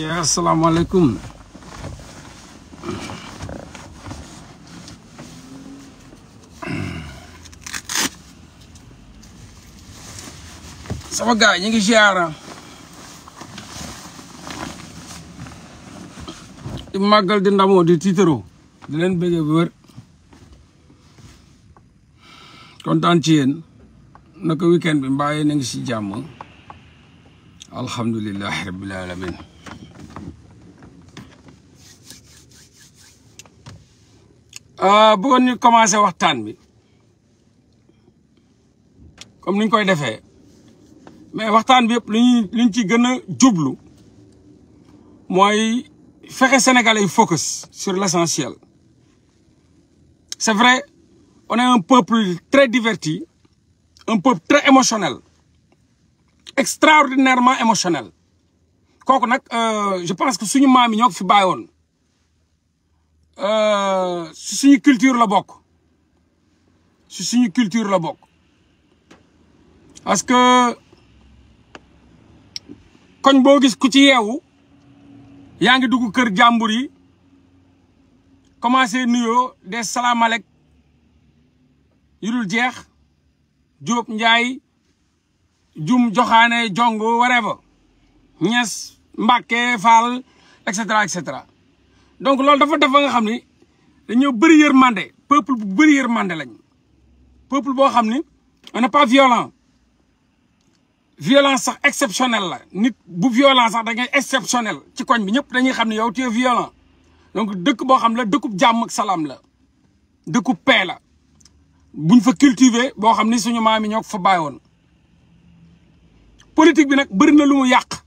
yaa asalaamaaleykum sama gars yi ñu ngi ziara di màggal di ndamoo di tiitaroo di leen bëggee bu wér kontaan ci yéen bi mbaa yéen a ngi si jàmm alhamdulilahi Euh, bëggoon ñu commencé waxtaan bi comme ni koy defee mais waxtaan bi yëpp lu ñuy lu ci gën a jublu mooy fexe sénégalais yi focus sur l' essentiel est vrai on est un peuple très diverti un peuple très émotionnel extraordinairement émotionnel kooku nag euh, je pense que suñu maam yi ñoo ko fi bàyyi woon Euh, si suñu culture la bokk si suñu culture la bokk parce que koñ boo gis ku ci yeewu yaa ngi dugg kër jàmbur yi commencé nuyoo des salaamaalek jeex Jóob Njaay Jum Joxaane Jong whatever Ñas Mbàkke Fall et cetera et cetera donc loolu dafa def ba nga xam ni dañoo bëri mande peuple bu bëri yërmande lañ peuple boo xam ni on n'est pas violent sax exceptionnelle la nit bu violence sax da ngay exceptionnel ci koñ bi ñëpp dañuy xam ne yow tu es donc dëkk boo xam la dëkkub jàmm ak salaam la dëkkub paix la buñ fa cultiver boo xam ni suñu maam yi ñoo ko fa bàyyi woon politique bi nag bëri na lu mu yàq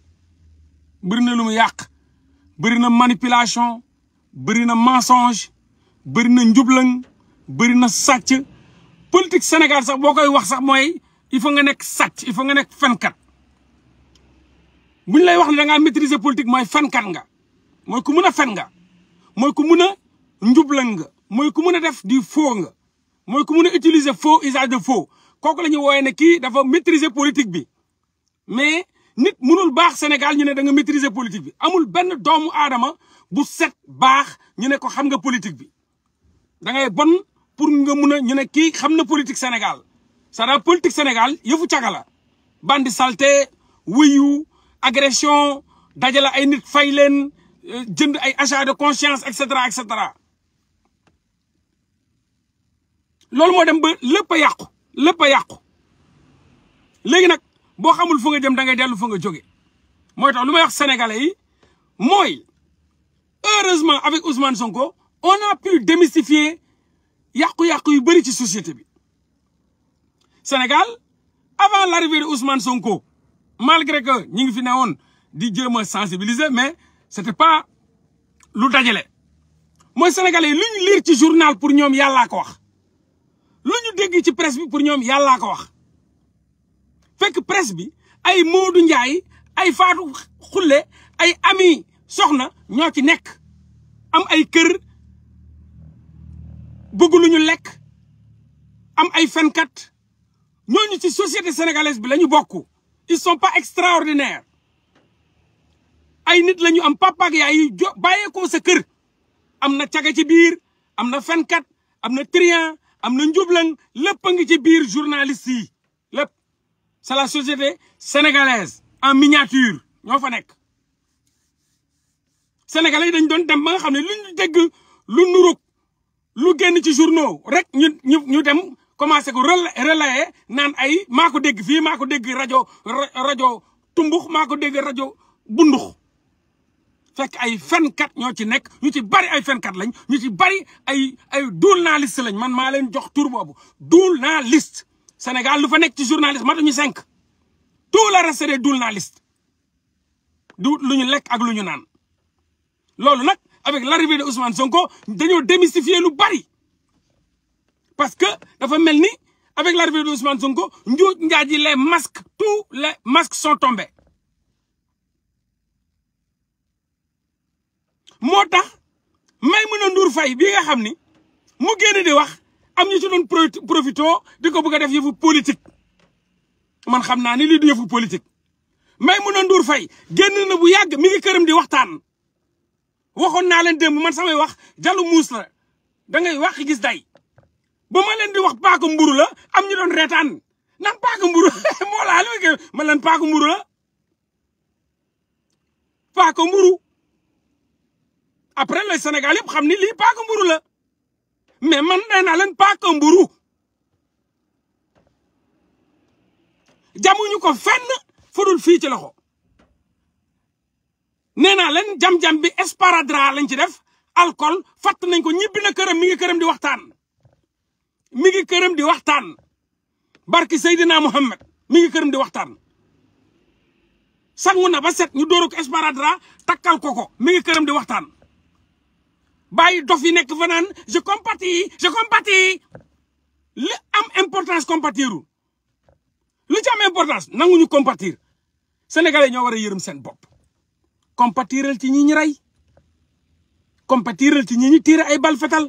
bëri na lu mu yàq bëri na manipulation bëri na mensonge bëri na njublaŋ bëri na sàcc politique Sénégal sax boo koy wax sax mooy il faut nga nekk sàcc il nga nekk fenkat bu lay wax ne da ngaa maîtriser politique mooy fenkat nga mooy ku mun a fen nga mooy ku mun a njublaŋ nga mooy ku mun a def di faux nga mooy ku mun a utiliser faux usage de kooku la ñuy wooyee ne kii dafa maîtriser politique bi mais nit mënul baax Sénégal ñu ne da nga maîtriser politique bi amul benn doomu aadama bu set baax ñu ne ko xam nga politique bi da ngay bon pour nga mun a ñu ne kii xam na politique senegal c'est-à-dire politique Sénégal yëfu caga la bandi salté wuyu agression dajale ay nit fay leen euh, jënd ay achat de conscience et cetera et loolu moo dem ba lépp a yàqu lépp a yàqu léegi nag boo xamul fu nga jëm da ngay dellu fa nga jóge mooy tax lu may wax sénégalais yi mooy heureusement avec Ousmane Sonko on a pu démystifier yàqu-yàqu yu bëri ci société bi Sénégal avant l'arrivée de Ousmane Sonko malgre que ñi ngi fi newoon di jéem a sensibiliser mais c'était pas lu dajale mooy sénégalais yi lu ñu lire ci journal pour ñoom yàllaa ko wax lu ñu dégg ci presse bi pour ñoom yàllaa ko wax fekk presse bi ay Modou Ndiaye ay Fatou Khoule ay Ami Soxna ñoo ci nekk am ay kër bëgg lu ñu lekk am ay fenkat ñooñu ci société sénégalaise bi la bokk ils sont pas extraordinaires ay nit la ñu am papa ak yaay yu jo sa kër am na caga ci biir am na fenkat am na trian am na njublan lépp a ngi ci biir journaliste yi lépp c'est la société sénégalaise en miniature ñoo fa nekk sénégalais yi dañ doon dem ba nga xam ni lu ñu dégg lu nuruk lu génn ci journaux rek ñu dem commencé ko relayer naan ay maa ko dégg fii maa dégg rajo rajo tumbux maa dégg rajo bundux fekk ay fenkat ñoo ci nekk ñu ci bari ay fenkat lañ ñu ci bari ay ay journaliste lañ man maa leen jox tur boobu journaliste Sénégal lu fa nekk ci journaliste matuñu cinq tout le reste des journalistes du lu ñu lekk ak lu ñu naan loolu nag avec l'arrivée de Ousmane Sonko dañoo démystifier lu bari parce que dafa mel ni avec l'arrivée de Ousmane Sonko njuuj njaaj yi les masques tous les masques sont moo tax Maïmouna Ndour Faye bii nga xam ni mu génn di wax am ñu ci doon profito di ko bëgg def yëfu politique man xam naa ni lii du yëfu politique Maïmouna Ndour Faye génn na bu yàgg mi ngi këram di waxtaan waxoon naa leen démb man samay wax jalu muus la da ngay wax gis day ba ma leen di wax paaka mburu la am ñu doon reetaan naan paaka mburu moo laa li leen paaka mburu la paaka mburu après le Sénégal yëpp xam ni lii paaka mburu la mais man nee naa leen paaka mburu jamuñu ko fenn fudul fii ci loxo nee naa leen jam-jam bi esparadra lañ ci def alcool fàtt nañ ko ñibbi na këram mi ngi këram di waxtaan mi ngi këram di waxtaan barki Seydina Mohamed mi ngi këram di waxtaan sangu na ba set ñu dóoru ko esparadra takkal ko ko mi ngi këram di waxtaan bàyyi dof yi nekk fa naan je compatis je compatis li am importance compatirul lu ci am importance nanguñu compatir sénégalais ñoo war a yërëm seen bopp compatiral ci ñi ñi rey compatiral ci ñi ñi tiire ay bal fetal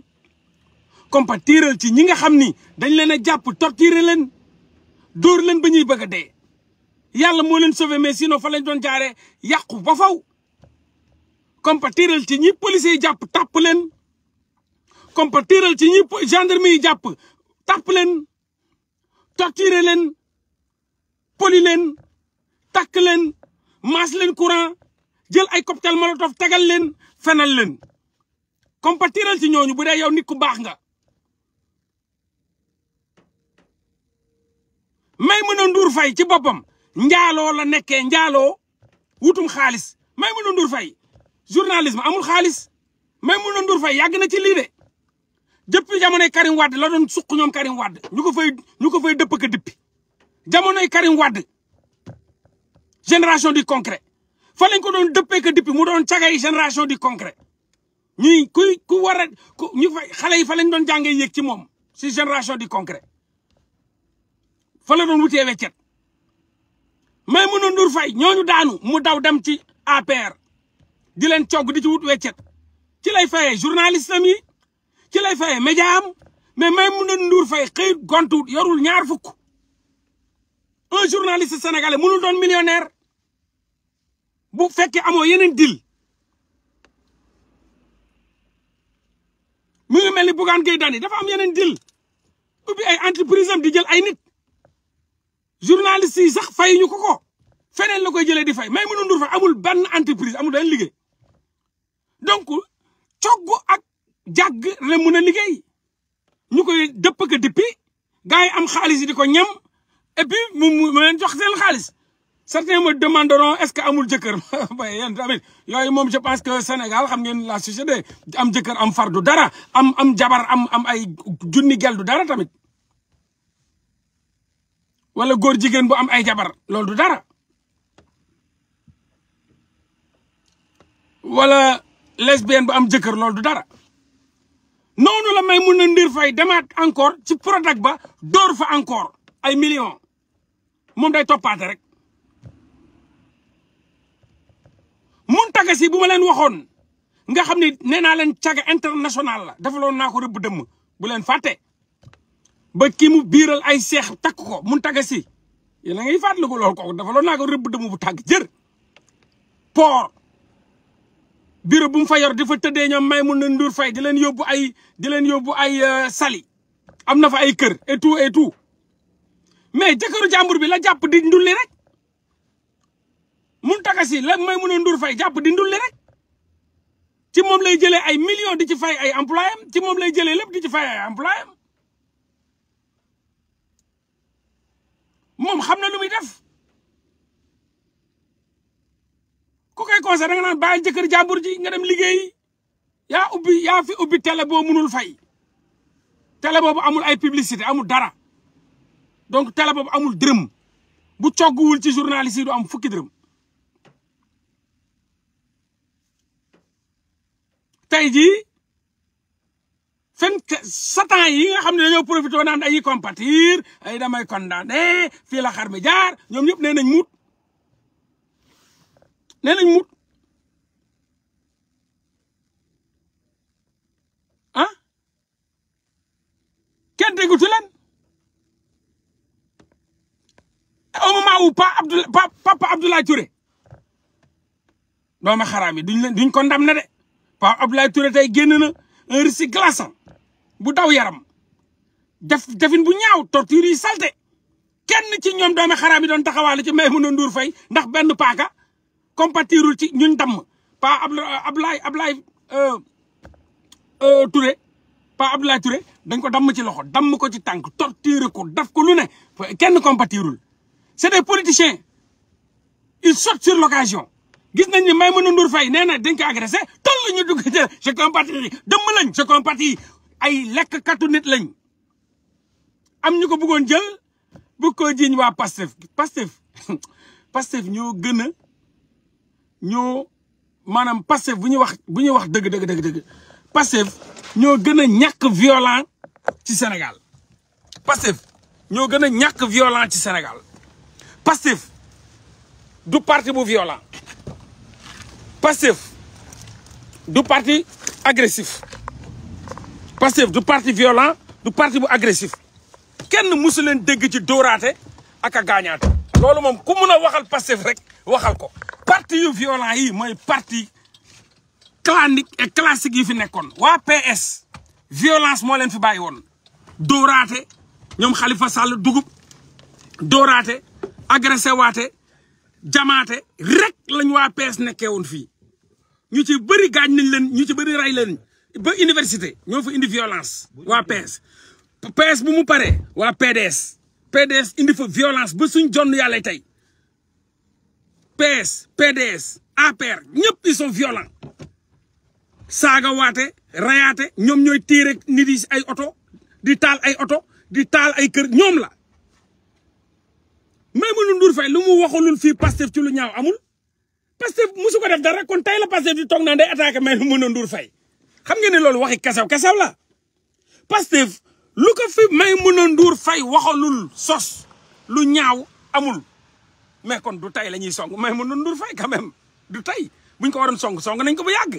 compatiral ci ñi nga xam ni dañ leen a jàpp torturer leen dóor leen ba ñuy bëgg a dee yàlla moo leen sauvé mais sinon fa lañ doon jaaree yàqu ba faw compatiral ci ñi police jàpp tàpp leen compatiral ci ñi gendarme yi jàpp tàpp leen torturer leen poli leen takk leen mas leen courant jël ay cocktail molotov tagal leen fenal leen compatiral ci ñooñu bu dee yow nit ku baax nga may mën a nduur fay ci boppam njaalo la nekkee njaaloo wutum xaalis may mën a nduur fay journalisme amul xaalis may mën a nduur fay yàgg na ci lii de jëppi jamonoy Karim wad la doon suq ñoom Karim Wade ñu ko fay ñu ko fay dëpp ka dëppi jamonoy Karim Wade génération du concret fa lañ ko doon dëppee que depuis mu doon cagay génération di concret ñuy kuy ku war a ku ñu fa xale yi fa lañ doon jàngee yéeg ci moom si génération du concret fa la doon wutee weccet mais mu a ndur fay ñooñu daanu mu daw dem ci APR di leen cogg di ci wut weccet ci lay fayee journaliste am yi ci lay fayee média am mais may mën a nduur fay xëy gontu yorul ñaar fukk un journaliste sénégalais mënul doon millionnaire bu fekkee amoo yeneen dil mu ngi mel ni Bougane Gueye Dany dafa am yeneen dil ubbi ay entreprise am di jël ay nit journaliste yi sax fay ñu ko ko feneen la koy jëlee di fay may mënu ndur fa amul benn entreprise amul benn liggéey donc coggu ak jàgg la mën a liggéey ñu koy dëpp ko dippi gars yi am xaalis yi di ko ñam et puis mu mu leen jox seen xaalis certains me demanderont est-ce que amul jëkkër bay yéen tamit yooyu moom je pense senegal Sénégal xam ngeen la société am jëkkër am far du dara am am jabar am am ay junni gel du dara tamit wala góor jigéen bu am ay jabar loolu du dara wala lesbienne bu am jëkkër lool du dara noonu la may mun na ndir fay demaat encore ci Prodac ba dóor fa encore ay millions moom day toppaate rek Mountaga Sy bu ma leen waxoon nga xam ne nee naa leen caga international la defaloon naa ko rëbb dëmm bu leen fàtte ba kii mu biiral ay seex takk ko mun Sy yéen a ngi fàttaliku loolu ko defaloon naa ko rëbb dëmm bu tàgg jër port bureau bu mu fa yor di fa tëddee ñoom may mun na ndur fay di leen yóbbu ay di leen yóbbu ay euh, sali am nafa ay kër et tout et tout mais jëkkëru jàmbur bi la jàpp di ndulli rek Mountaga Sy la may mën a ndur fay jàpp di ndulli rek ci moom lay jëlee ay millions di ci fay ay employé am ci moom lay jëlee lépp di ci fay ay employé am moom xam na lu muy def ku koy conseil da nga naan bàyyi jëkkër jàmbur ji nga dem liggéey yaa ubbi yaa fi ubbi télé boo mënul fay télé bu amul ay publicité amul dara donc télé boobu amul dërëm bu cogguwul ci journaliste yi du am fukki dërëm tey jii seen satan yi nga xam ne dañoo profité naan ay compatir damay condamné fii la xar mi jaar ñoom ñëpp nee nañ muut ne nañ muut ah kenn déggutu leen au moment où pa Abdoulaye papa Abdoulaye Touré doomu xaraam yi duñ leen duñ condamné de Pape Abdoulaye Touré tey génn na un récit bu daw yaram def defin bu ñaaw torture yi salte kenn ci ñoom doomi xaraam yi doon taxawaale ci Maïmouna Ndour Faye ndax benn paaka compatirul ci ñuñ damm pa Abdoulaye Abdoulaye euh, euh, Touré pa Abdoulaye Touré dañ ko damm ci loxo damm ko ci tànk torture ko daf ko lu ne kenn compatirul c'est des politiciens ils sautent sur l'occasion gis nañ ni Maimouna Ndour Faye nee na dañ ko agressé toll ñu dugg je compatis dëmm lañ je compatis ay lekk katu nit lañ am ñu ko bëggoon jël bu ko jiiñ waa Pastef Pastef Pastef ñoo gën a ñoo maanaam Pastef bu ñu wax bu ñuy wax dëgg dëgg dëgg dëgg Pastef ñoo gën a ñàkk violent ci Sénégal Pastef ñoo gën a ñàkk violent ci Sénégal Pastef du parti bu violent Pastef du parti agressif Pastef du parti violent du parti bu agressif kenn musu leen dégg ci dóoraate ak a loolu moom ku mun a waxal Pastef rek waxal ko parti yu violent yi mooy parti clanique et yi fi nekkoon waa PS violence moo leen fi bàyyi woon dóoraate ñoom Khalifa Sall dugub dóoraate agressé waate jamaate rek lañ waa PS nekkee woon fii ñu ci bëri gaañ nañ leen ñu ci bëri rey leen ba université ñoo fa indi violence waa PS PS bu mu pare waa PDS PDS indi fa violence ba suñ jonn yàlla tey PS PDS APR ñëpp ils sont violents saaga waate rayaate ñoom ñooy tiir ak nit ay oto di taal ay oto di taal ay kër ñoom la Maimouna Ndour Faye lu mu waxalul fii Pastef ci lu ñaaw amul Pastef musu ko def dara kon tey la Pastef di toog naan day attaqué may mën a nduur fay xam nga ne loolu waxi kasaw kasaw la Pastef lu ko fi mun mën a nduur fay waxalul sos lu ñaaw amul mais kon du tey la ñuy song may mën a nduur fay quand même du tey buñ ko waroon song song nañ ko bu yàgg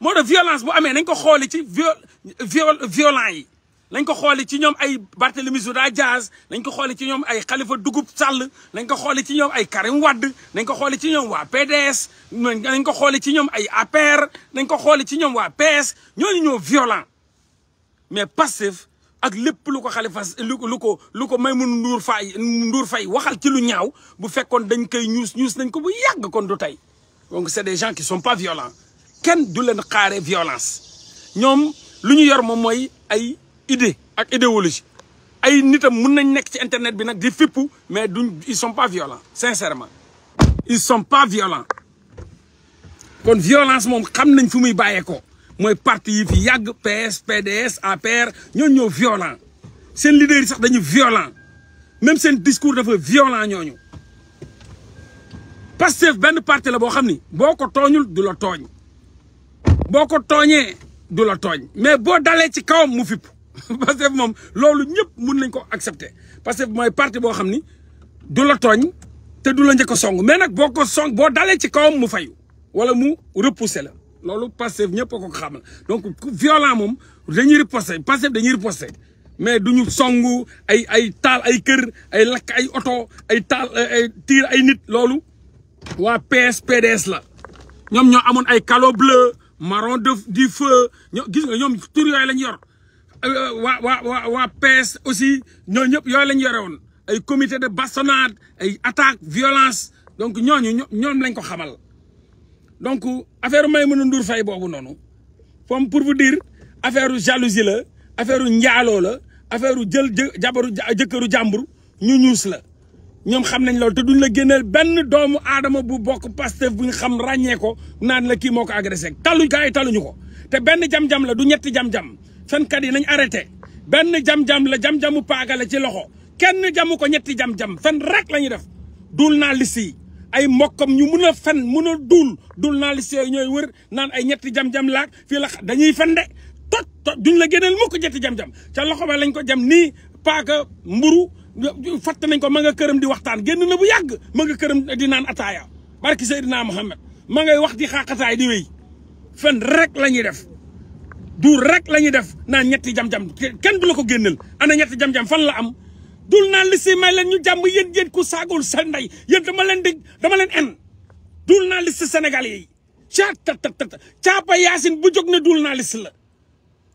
moo tax violence bu amee nañ ko xooli ci viol violent yi nañ ko xoole ci ñoom ay Barthélemy Souda Diaz lañ ko xoole ci ñoom ay Khalifa Dugub Sall lañ ko xoole ci ñoom ay Karim Wade nañ ko xoole ci ñoom waa PDS nañ ko xoole ci ñoom ay APR nañ ko xoole ci ñoom waa PS ñooñu ñoo violent mais passif ak lépp lu ko Khalifa lu ko lu ko lu ko Maymouna Ndour Faye Ndour Faye waxal ci lu ñaaw bu fekkoon dañ koy ñuus ñuus nañ ko bu yàgg kon du tey donc c'est des gens qui sont pas violents kenn du leen xaare violence ñoom lu ñu yor moom mooy ay idée ak idéologie ay nitam mun nañ nekk ci internet bi nag di fippu mais duñ ils sont pas violents sincèrement ils sont pas violents kon violence moom xam nañ fu muy bàyyeekoo mooy parti yi fi yàgg PS PDS APR ñooñu ñoo violent seen leader sax dañu violent même seen discours dafa violent ñooñu Pastef benn parti la boo xam ni boo ko tooñul du la tooñ boo ko tooñee du la tooñ mais boo dalee ci kawam mu fipp Pastef moom loolu ñëpp mun nañ ko accepter Pastef mooy parti boo xam ni du la tooñ te du la njëkk a song mais nag boo ko song boo dalee ci kawam mu fayu wala mu repousser la loolu Pastef ñëpp ko ko xamal donc violent moom dañuy riposter Pastef dañuy riposter mais duñu songu ay ay taal ay kër ay lakk ay oto ay taal ay ay nit loolu waa PS PDS la ñoom ñoo amoon ay calo bleu marron de du feu ñoo gis nga ñoom tur yooyu lañ yor Euh, waa waa waa waa PS aussi ñoo ñëpp yooyu lañ yore woon ay comité de bastonnade ay attaque violence donc ñooñu ñoom lañ ko xamal donc affaire Maïmouna Ndour Faye boobu noonu comme pour vous dire affaire jalousie la affaire njaaloo la affaire jël jabaru jëkkëru jàmbur ñu ñuus la ñoom xam nañ loolu te duñ la génneel benn doomu aadama bu bokk Pastef bu ñu xam ràññee ko naan la kii moo ko agressé talu gars yi taluñu ko te benn jam-jam la du ñetti jam-jam fenkat yi nañ arrêté benn jam-jam la jam-jamu paaka la ci loxo kenn jamu ko ñetti jam-jam fen rek la ñuy def duul naa liste yi ay mbokkam ñu mun a fen mun a duul dul naa liste yooyu ñooy wër naan ay ñetti jam-jam laak fii la dañuy fen de tot tot duñ la génneel mukk ñetti jam-jam ca loxo ba lañ ko jam nii paaga mburu fatt nañ ko ma nga këram di waxtaan génn na bu yàgg ma nga këram di naan ataaya barki Seydina Muhammad ma ngay wax di xaaxataay di wéy fen rek la def du rek la ñuy def naan ñetti jam-jam kenn du la ko génneel ana ñetti jam-jam fan la am dul naa liste may leen ñu jàmm yéen yéen ku saagul sa ndey yéen dama leen di dama leen en dul naa liste senegal yi caa ta ta ta caapa yaasin bu jóg na duul naa liste la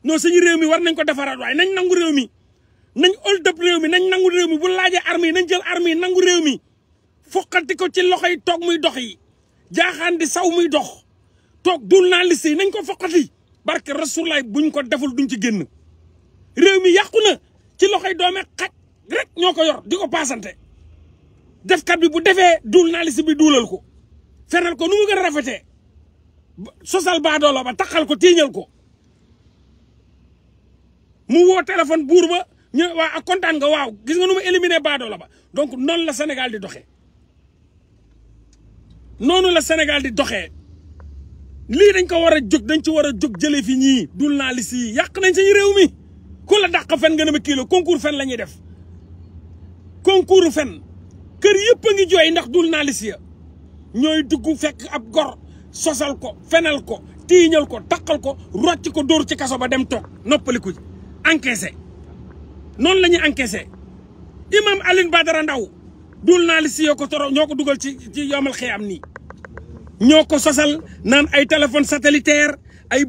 non suñu réew mi war nañ ko defaraat waaye nañ nangu réew mi nañ hold up réew mi nañ nangu réew mi bu laajee armes yi nañ jël armes nangu réew mi foqati ko ci loxo yi toog muy dox yi jaaxaan saw muy dox toog dul naa liste nañ ko foqati barke rasulaay buñ ko deful duñ ci génn réew mi yàqu ci loxoy doome xaj rek ñoo ko yor di ko paasante defkat bi bu defee duul naalisi bi duulal ko fenal ko nu mu gën a rafetee sosal baadoola ba taxal ko tiiñal ko mu woo téléphone buur ba ñu waa ak kontaan nga waaw gis nga nu ma éliminer baadoola ba donc noonu la Sénégal di doxe noonu la senegal di doxee lii dañ ko war a jóg dañ ci war a jóg jëlee fi ñii journaliste yi yàq nañ sañu réew mi ku la dàq fen nga ne ma kii la concours fen la ñuy def concours fen kër yëpp a ngi jooy ndax dul journaliste ya ñooy dugg fekk ab gor sosal ko fenal ko tiiñal ko taqal ko rocc ko dóor ci kaso ba dem toog noppaliku ji encaissé noonu la ñuy encaissé imam Alioune Badara Ndao journaliste yo ko toro ñoo ko dugal ci ci yomal xëy am nii ñoo ko sosal naan ay téléphone satellitaire ay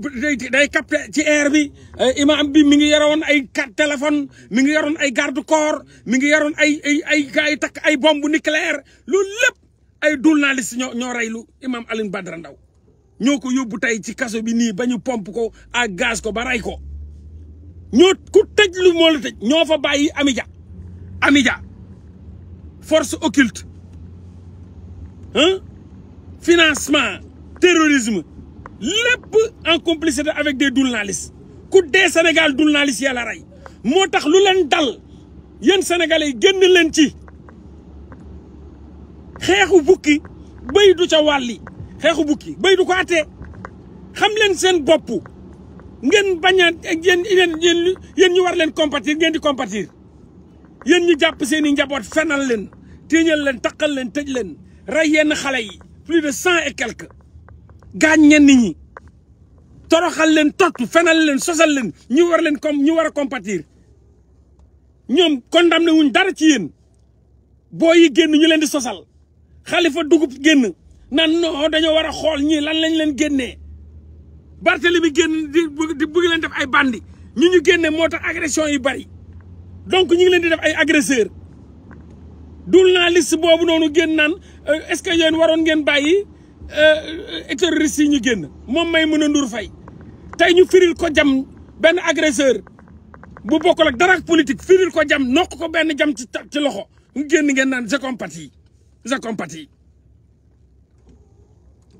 day ci air bi eh, imam bi mi ngi yoroon ay carte téléphone mi ngi yoroon ay garde corps mi ngi yoroon ay ay ay gars yi takk ay bombe nucléaire loolu lépp ay journaliste ñoo ñoo reylu imam Alioune ñoo ko yóbbu tey ci kaso bi nii ba ñu ko ak gaz ko ba rey ko ñoo ku tëj lu moo la tëj ñoo fa bàyyi Amidia Amidia force occulte ah financement terrorisme lépp en complicité avec des journalistes ku dee Sénégal journaliste yàlla rey moo tax lu leen dal yéen sénégalais yi génn leen ci xeexu bukki béy du ca wàlli xeexu bukki béy du ko àttee xam leen seen bopp ngeen bañ a yéen yéen yéen ñu war leen compatir ngeen di compatir yéen ñu jàpp seen i njaboot fenal leen tiiñal leen taqal leen tëj leen rey yenn xale yi plus de cent et quelques gaañ ñenn ñi toroxal leen tott fenal leen sosal leen ñu war leen comme ñu war a compatir ñoom condamné wuñ dara ci yéen booy yi génn ñu leen di sosal xalifa dugub génn nan non dañoo war a xool ñii lan lañ leen génnee Barthélemy génn di di bëgg leen def ay bandi ñu ñu génne moo tax agression yi bari donc ñu ngi leen di def ay agresseur dul naa liste boobu noonu génn naan euh, est-ce que yéen waroon ngeen bàyyi terroristes euh, yi ñu génn moom may mën a ndur fay tey ñu firil ko jam benn agresseur bu bokkul ak dara politique firil ko jam nokk ko benn jam ci ci loxo mu génn ngeen naan je compatis je compatis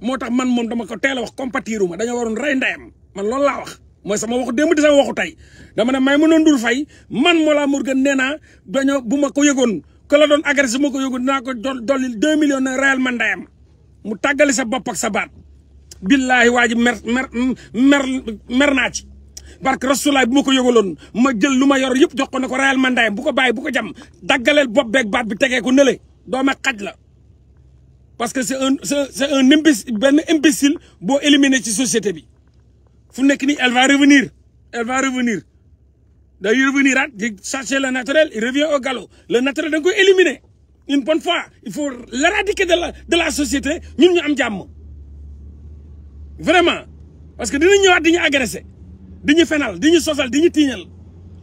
moo tax man moom dama ko teel a wax compatiruma ma dañoo waroon rey ndeyam man loolu laa wax mooy sama waxu démb di sama tey dama ne may mën a ndur fay man Mollah Morgun nee naa dañoo bu ma ko yëgoon ku la doon agressé ma ko yógu dinaa ko dolli deux millions na réellement mu tàggali sa bopp ak sa baat billaahi waa ji mer mer mer mer naa ci barke rasulaay bu ma ko yógaloon ma jël lu ma yor yëpp jox ko ne ko réellement ndayam bu ko bàyyi bu ko jam daggaleel bopp beeg baat bi tegee ko nële dooma xaj la parce que c'est un c'est un imbécile benn imbécile boo éliminé ci société bi fu nekk nii elle va revenir elle va revenir day revenir at di chercher le naturel il revient au galop le naturel da nga koy éliminer une bonne fois il faut l'éradiquer de la de la société ñun ñu am jàmm vraiment parce que dina ñëwaat di ñu agressé di ñu fenal di ñu sosal di ñu tiiñal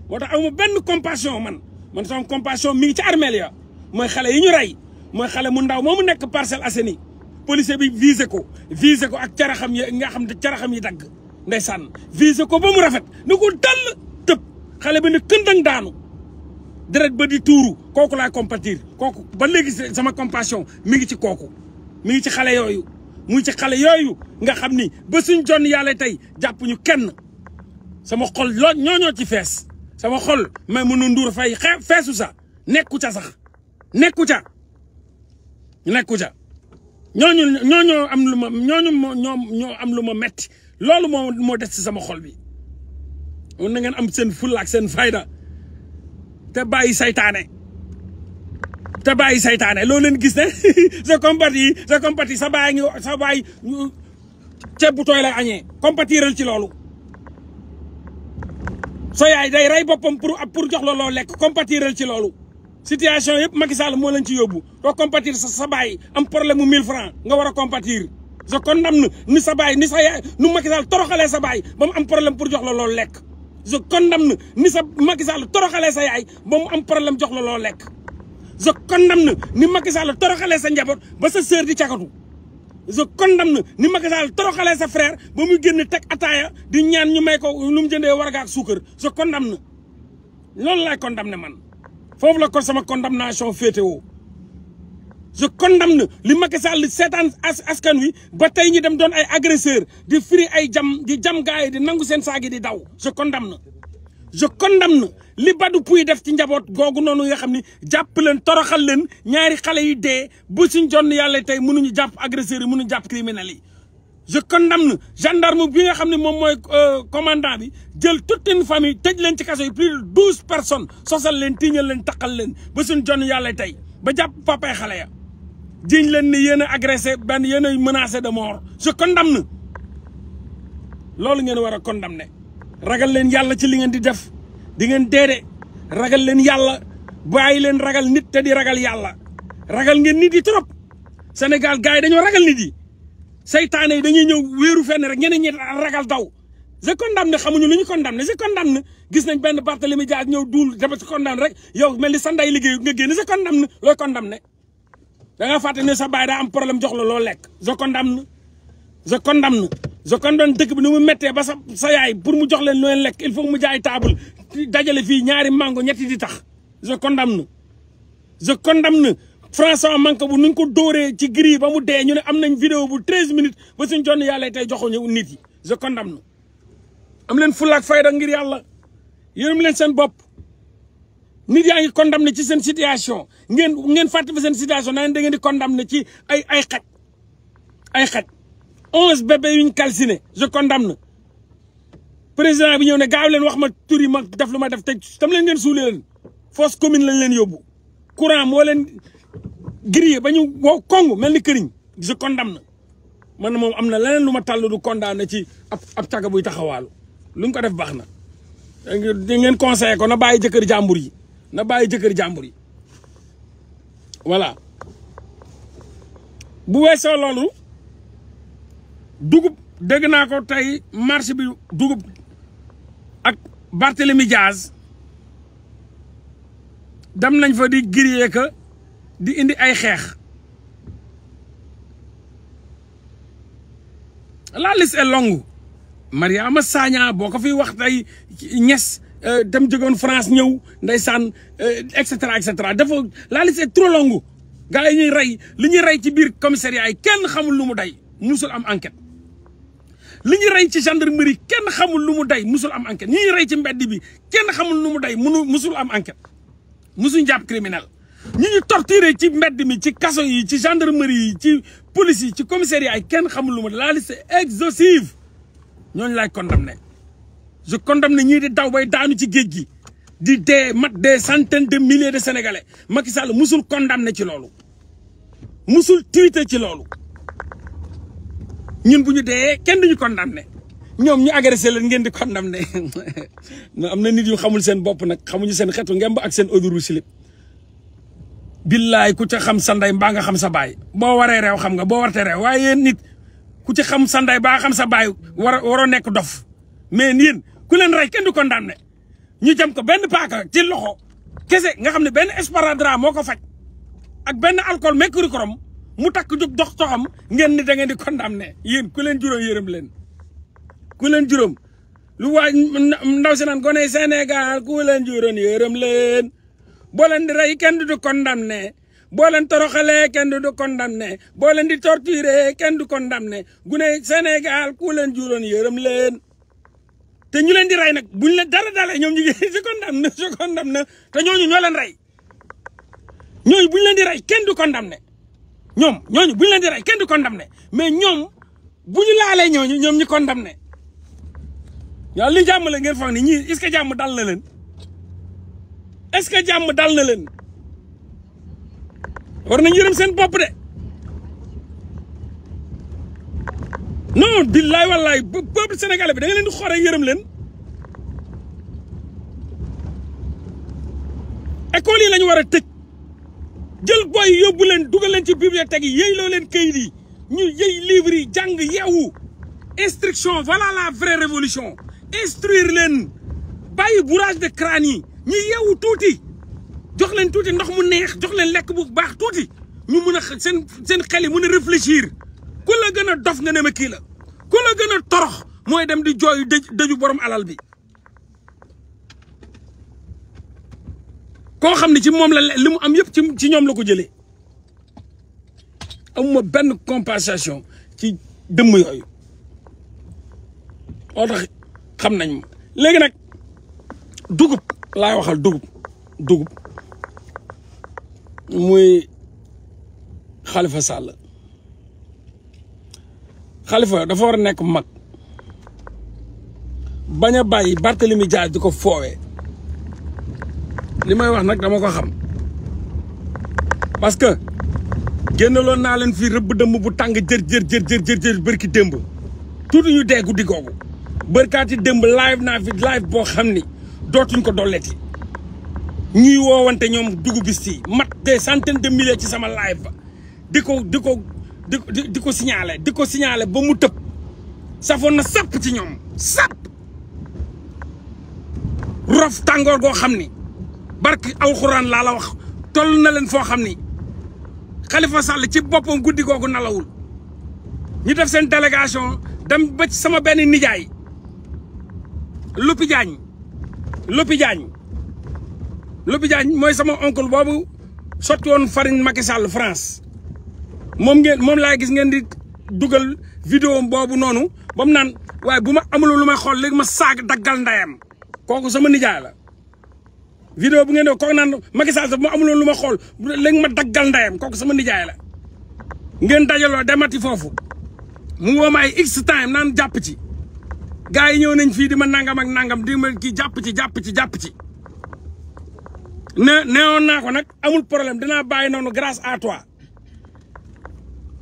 moo tax amuma benn compassion man man sama compassion mi ci armeel ya mooy xale yi ñu rey mooy xale mu ndaw moo mu nekk Parcelles Assainies policier bi visé ko visé ko ak xam yi nga xam ne caraxam yi dagg ndeysaan visé ko ba mu rafet na ko dal xale ba ne këndang daanu deret ba di tuuru kooku laay compatir kooku ba léegi sama compassion mi ngi ci kooku mi ngi ci xale yooyu mu ngi ci xale yooyu nga xam ni ba suñ jonn yàlla tey jàpp ñu kenn sama xol loo ñooñoo ci fees sama xol may mën a nduur fay feesu sa nekku ca sax nekku ca nekku ca ñooñu ñooñoo am lu ma ñooñu ñoo ñoo am lu ma metti loolu moo moo des ci sama xol bi war na ngeen am seen fulla ak seen fayda te bàyyi saytaane te bàyyi saytaane loolu leen gis ne sa compat yi sa compat yi ngi sa baay ceeb bu tooy lay añee compatiral ci loolu so yaay day rey boppam pour pour jox la loo lekk compatiral ci loolu situation yëpp Macky Sall moo leen ci yóbbu doo compatir sa sa baay am problème mu 1000 francs nga war a compatir je condamne ni sa baay ni sa yaay nu Macky Sall toroxalee sa baay ba mu am problème pour jox la loolu lekk je condamne ni sa Macky Sall toroxalee sa yaay ba mu am problème jox la loo lekk je na ni Macky Sall toroxalee sa njaboot ba sa sœur di cakatu je condamne ni Macky Sall toroxalee sa frère ba muy génn teg ataaya di ñaan ñu may ko lu mu jëndee warga ak suukar je condamne loolu kondam ne man foofu la ko sama condamnation féetewoo je condamne li Macky Sall seetaan askan wi ba tey ñi dem doon ay agresseur di firi ay jam di jam gaay di nangu seen saagi di daw je na je condamne li Badou Pouye def ci njaboot googu noonu nga xam ni jàpp leen toroxal leen ñaari xale yu dee bu suñ jonn yàlla tey mënuñu jàpp agresseurs yi mënuñu jàpp criminels yi je condamne gendarme bi nga xam ne moom mooy euh, commandant bi jël toute une famille tëj leen ci kaso yi plus de douze personnes sosal leen tiiñal leen taqal leen ba suñ jonn yàlla tey ba jàpp papay xale ya jiñ leen ni yéen a agressé benn yéen a menacé de mort je condamne loolu ngeen war a ne ragal leen yàlla ci li ngeen di def di ngeen deede ragal leen yàlla bàyyi leen ragal nit te di ragal yàlla ragal ngeen nit yi trop Sénégal gars yi dañoo ragal nit yi seytaane yi dañuy ñëw wéeru fenn rek ñeneen ñi ragal daw je condamne xamuñu lu ñu condamné je condamne gis nañ benn Barthélemy Dias ñëw duul dafa si condamné rek yow mel ni sanday liggéey nga génn je condamne looy condamné da nga fàtte sa baay daa am problème jox la loo lekk je condamne je condamne je condamne dëkk bi ni mu méttee ba sa sa yaay pour mu jox leen looy lekk il faut mu jaay taabal dajale fii ñaari mango ñetti di tax je condamne je condamne François Mancabou bu ñu ko dóoree ci gris ba mu dee ñu ne am nañ vidéo bu 13 minutes ba suñ jonn yàlla tey joxuñu nit yi je condamne am leen fullaak fayda ngir yàlla yërëm leen seen bopp nit yaa ngi condamné ci seen situation ngeen ngeen fàttali seen situation naan da ngeen di condamné ci ay ay xaj ay xaj onze bébé yu ñu calciné je condamne président bi ñëw ne gaaw leen wax ma tur yi ma def lu ma def te tam leen ngeen suulee leen fosse commune lañ leen yóbbu courant moo leen grillé ba ñu wow kongu mel ni këriñ je condamne man moom am na leneen lu ma tàll du condamné ci ab ab buy taxawaalu lu mu ko def baax na ngeen conseillé ko na bàyyi jëkkër jàmbur yi na bàyyi jëkkër jàmbur yi voilà bu weesoo loolu dugub dégg naa ko tey marché bi dugub ak Barthélemy Diaz dem nañ fa di griller di indi ay xeex la liste est longue Mariama Sagna boo ko fiy wax tey Euh, dem jógoon France ñëw nday euh, et cetera et cetera dafa la liste est trop longue gars yi ñuy rey li ñuy rey ci biir commissariat yi kenn xamul lu mu day musul am enquête li ñuy rey ci gendarmerie kenn xamul lu mu day musul am enquête ñi rey ci mbedd bi kenn xamul lu mu day munu musul am enquête musuñ jàpp criminel ñi ñu ci mbedd mi ci kaso yi ci gendarmerie yi ci police yi ci commissariat yi kenn xamul lu mu day la exhaustive ñooñu laay condamné je condamne ñii di daw bay daanu ci géej gi di dee mat des centaines de milliers de sénégalais Macky Sall musul condamné ci loolu musul tiwite ci loolu ñun bu ñu dee kenn duñu condamné ñoom ñu agressé leen ngeen di condamné am na nit yu xamul seen bopp nag xamuñu seen xetu ngemb ak seen oduru silib billaay ku ca xam sa ndey mbaa nga xam sa baay boo waree réew xam nga boo wartee réew waaye yéen nit ku ci xam sanday baa xam sa baay war waroo nekk dof mais yéen ku leen rey kenn du condamné ñu jëm ko benn paaka ci loxo kese nga xam ne benn esparadra moo ko faj ak benn alcool mercurochrome mu takk jóg dox toxam ngeen ni da ngeen di condamné yéen ku leen juróom yërëm leen ku leen juróom lu waaj ndaw si naan gone Sénégal ku leen juróom yërëm leen di rey kenn du condamné boo leen toroxalee kenn du condamné boo leen di torturer kenn du condamné gune Sénégal ku leen juróom yërëm te ñu leen di rey nag buñu leen dala dalee ñoom ñu ngi je condamne je condamne te ñooñu ñoo rey ñooñu buñu leen di rey kenn du condamné ñoom ñooñu buñ leen di rey kenn du condamné mais ñoom bu ñu laalee ñooñu ñoom ñu condamné yow li jàmm ngeen foog ni ñii est-ce que jàmm dal na leen est-ce que jàmm dal na leen war na yërëm seen bopp de. non billaay wallaay peuple sénégalais bi da nga leen di xore yërëm leen école yi lañu war a tëj jël boy yóbbu leen dugal leen ci bibliothèque yi yëy loo leen kayit yi ñu yëy livre yi jàng yeewu instruction voilà la vraie révolution instruire leen bàyyi bourrage de crâne yi ñu yeewu tuuti jox leen tuuti ndox mu neex jox leen lekk bu baax tuuti ñu mën a seen seen xel yi mën a réfléchir ku la gën a dof nga ne ma kii la ku la gën a torox mooy dem di jooy dëj dëju borom alal bi koo xam ne ci moom la li mu am yëpp ci ci ñoom la ko jëlee amuma benn compensation ci dëmm yooyu moo xam nañ léegi nag dugub laay waxal dugub dugub muy Khalifa xalifa dafa war a nekk mag bañ a bàyyi Barthélemy Dias di ko foowee li may wax nag dama ko xam parce que génnaloon naa leen fii rëbb dëmb bu tàng jër jër jër jër jër jër bërki démb tuuti ñu dee guddi googu bërkaati démb live naa fi live boo xam ni dootuñ ko dolleti ñuy woowante ñoom dugub bis yi mat des centaines de milliers ci sama live ba di ko di ko di ko di ko di ko signalé ba mu tëb safoon na sàpp ci rof tàngoor goo xam ni barki alxuraan laa la wax toll na leen foo xam ni Khalifa Sall ci boppam guddi googu nalawul ñu def seen délégation dem ba sama benn nijaay Lopi Diagne Lopi Diagne mooy sama oncle boobu sotti woon farine Macky Sall France moom ngeen moom laa gis ngeen di dugal vidéo boobu noonu ba naan waaye bu ma amuloo lu may xool léegi ma saag daggal ndayam kooku sama nijaay la. vidéo bu ngeen di kooku naan Macky Sall sax bu ma amuloo ma xool léegi ma daggal ndayam kooku sama nijaay la ngeen dajaloo demati foofu mu woo ma ay naan jàpp ci. gaa yi ñëw nañ fii di ma nangam ak nangam di ma kii jàpp ci jàpp ci jàpp ci ne neewoon naa ko nag amul problème dinaa bàyyi noonu grace à toi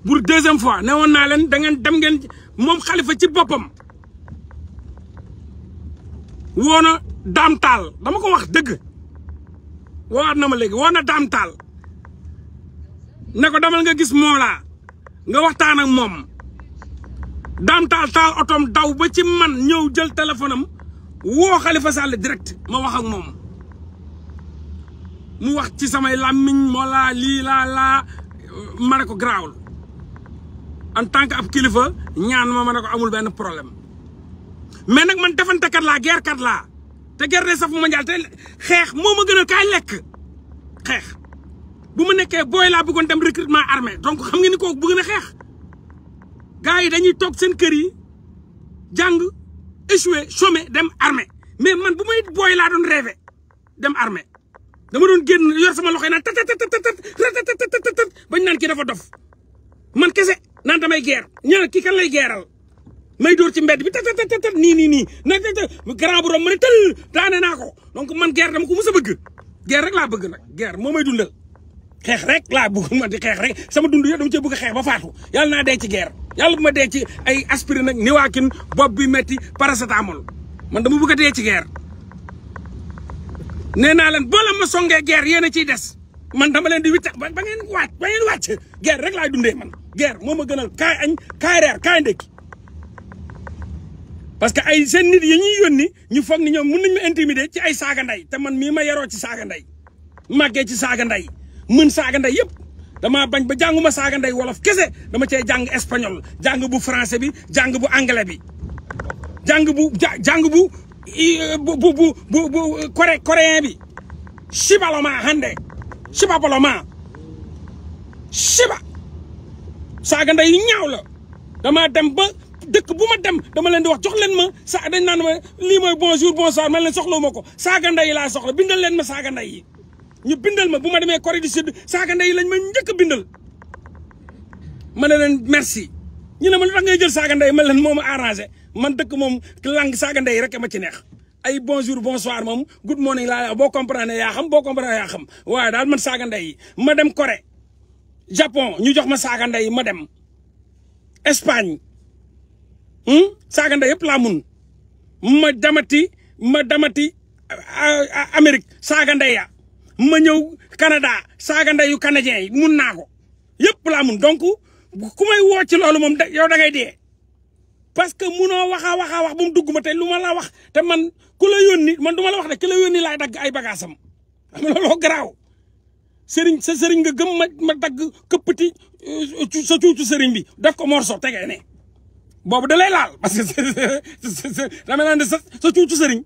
pour deuxième fois ne woon naa leen da ngeen dem ngeen moom xalifa ci boppam woo na daam taal dama ko wax dëgg woowaat na ma léegi woo na daam taal ne ko nga gis moolaa nga waxtaan ak moom daam taal taal otoom daw ba ci man ñëw jël téléphone am woo xalifa Sall direct ma wax ak moom mu wax ci samay làmmiñ moolaa lii laa laa ma ne ko garaawul en tant que ab kilifa ñaan ma man amul benn problème mais nag man defantekat laa guerrekat laa te guerre safu mondial te xeex moo ma gën a kaay lekk xeex bu ma nekkee booy laa bëggoon dem recrutement armée donc xam nga ni kooku bëgg na xeex gars yi dañuy toog seen kër yi jàng échoué chômé dem armée mais man bu may booy laa doon rêvé dem armée dama doon génn yor sama loxo yi naan tat tat tat tat bañ naan kii dafa dof man kese naan damay geer ña ki kan lay geeral may dóor ci mbedd bi tat tat tat nii nii nii nag grand bu rom ma ne tël naa ko donc man geer dama ko mës a bëgg geer rek laa bëgg nag geer moo may dundal xeex rek laa bëgg ma xeex rek sama dund yo dama cee bëgg xeex ba faatu yàlla naa dee ci geer yàlla ma dee ci ay aspirine nag niwaakin bopp bi metti paracétamol man dama bëgg a dee ci geer nee naa leen boo la songee geer yéen a ciy des man dama leen di witta ba ngeen wàcc ba ngeen wàcc rek laay dundee man guerre moo ma gënal kaay añ kaay reer kaay ndekki parce que ay seen nit yi ñuy yónni ñu foog ni ñoom mun nañu ma ci ay saaga te man mii ma yaroo ci saaga nday màggee ci saaga nday mën saaga yëpp damaa bañ ba jànguma saaga nday wolof kese dama cee jàng espagnol jàng bu français bi jàng bu anglais bi jàng bu jàng bu bu bu bu coréen bi chibaloma hande Chiba Boloma Chiba saaga ndey ñaaw la damaa dem ba dëkk bu ma dem dama leen di wax jox leen ma sa dañ naan ma lii mooy bonjour bonsoir man leen soxlawu ma ko saaga ndey laa soxla bindal leen ma saaga nday yi ñu bindal ma bu ma demee Corée du Sud saaga ndey yi lañ ma njëkk a bindal ma ne leen merci ñu ne ma lu tax ngay jël saaga ndey man leen moom arrangé man dëkk moom langue saaga ndey rek ma ci neex ay bonjour bonsoir moom good morning laa boo comprendre yaa xam boo comprendre yaa xam waaye daal man saaga ma dem Corée Japon ñu jox ma saaga ndey ma dem Espagne hmm? saaga ndey yëpp laa mun ma damati ma damati Amérique saaga ndey ya ma ñëw Canada saaga yu canadien yi mun naa ko yëpp laa mun donc ku may woo ci loolu moom yow da ngay parce que munoo wax a wax a mu dugg ma te lu ma la wax te man ku la man du ma wax de ku la laa dagg ay bagaasam am looloo garaaw sëriñ sëriñ nga gëm ma ma dagg këppati euh, sa cuucu sëriñ bi def ko morso tegee ne boobu da laal parce que dama naan ne sa sa cuucu sëriñ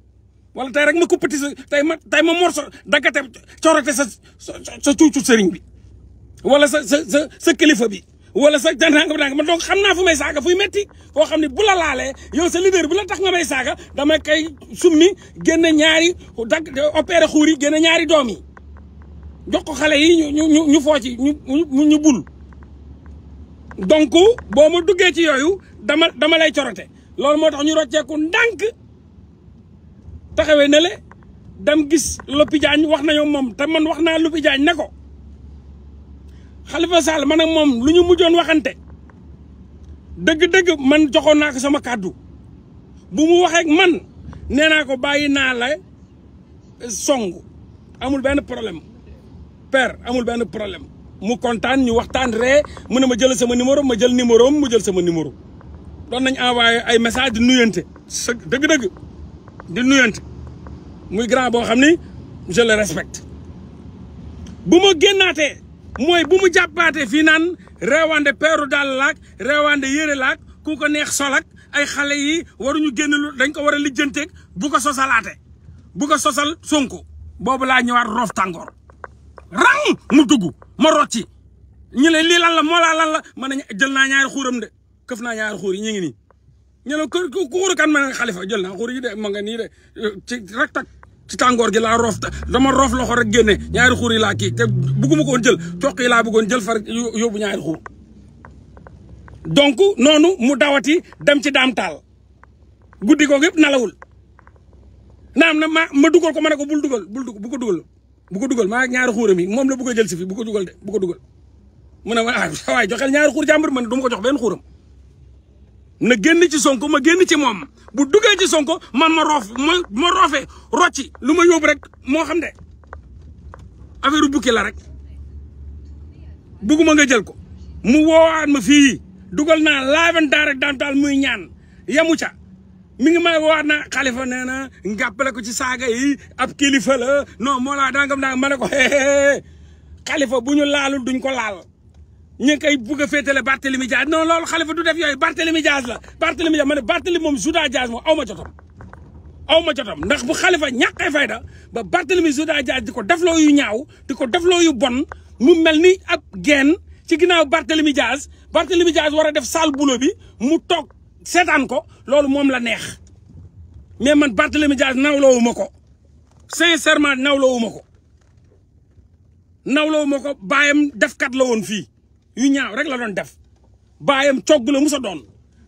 wala tey rek ma këppati sa tey ma tey ma morso daggate corote sa sa sëriñ bi wala sa sa kilifa bi wala sa jantangam danga man donc xam naa fu may saaga fuy metti foo xam ne bu la laalee yow sa leader bu la tax nga may saaga dama kay summi génne ñaari dag opéré xuur yi génne ñaari doom yi jox ko xale yi ñu ñu ñu foo ci ñu ñu bul donc boo ma duggee ci yooyu dama dama lay corote loolu moo tax ñu rocceeku ndànk taxawee na le dem gis Lopy Diagne wax nañoo moom te man wax naa Lopy jaañ ne ko Khalifa Sall man ak moom lu ñu mujjoon waxante dëgg-dëgg man joxoon naa ko sama kàddu bu mu waxeek man nee naa ko bàyyi naa la eh, song amul benn problème père amul benn problème mu kontaan ñu waxtaan ree mu ne ma jël sama numéro ma jël numéro mu jël sama numéro doon nañ envoyé ay message di nuyante sa dëgg-dëgg di nuyante muy grand boo xam ni je le bu ma génnaatee mooy bu mu jàppaate fii naan reewande peeru dàll laak reewande yére laak ku ko neex solak ay xale yi waruñu génn lu dañ ko war a lijjanteeg bu ko sosalaate bu ko sosal sonko boobu laa ñëwaat roof tàngoor rang mu dugg ma rocci ñu ne lii lan la moo laa lan la ma ne jël naa ñaari xuuram de këf naa ñaari xuur yi ñu ngi nii ñu ku xuuru kan ma ne xalifa jël naa xuur yi de ma nga de ci tak ci tàngoor gi laa roof dama roof loxo rek génne ñaari xuur yi laa kii te bugguma ko woon jël coq yi laa bëggoon jël far yóbbu ñaari xuur donc noonu mu dawati dem ci daam taal guddi googu yëpp nalawul naam na ma ma dugal ko ma ne ko bul dugal bul dug bu ko dugal bu ko dugal maa ñaari xuuram yi moom la bëgg a jël si fi bu ko dugal de bu ko dugal mu ne ma ah waaye joxel ñaari xuur jàmbur man du ma ko jox benn xuuram na génn ci sonko ma génn ci moom bu duggee ci sonko man ma roof ma ma roofe rocci lu ma yóbbu rek moo xam ne affaire bukki la rek bugguma nga jël ko mu woowaat ma fii dugal naa laavandaa rek daantaal muy ñaan yamu ca mi ngi may woowaat naa xalifa nee na ngàppale ko ci saaga yi ab kilifa la non moo laa daangam daanga ma ne ko xalifa bu ñu laalul duñ ko laal ñu ngi koy bugg a féetale Barthélemy Diaz non loolu Khalifa du def yooyu Barthélemy Diaz la Barthélemy Diaz ma ne Barthélemy moom Juda Diaz moom aw ma jotam aw ma jotam ndax bu Khalifa ñàkkee fayda ba Barthélemy Juda Diaz di ko defloo yu ñaaw di ko defloo yu bon mu mel ni ab geen ci ginnaaw Barthélemy Diaz Barthélemy Diaz war a def sale boulot bi mu toog seetaan ko loolu moom la neex mais man Barthélemy Diaz nawloowu ma ko sincèrement nawloowu ma ko nawloowu ma ko bàyyam defkat la woon fii yu ñaaw rek la doon def baayam cogg la musa doon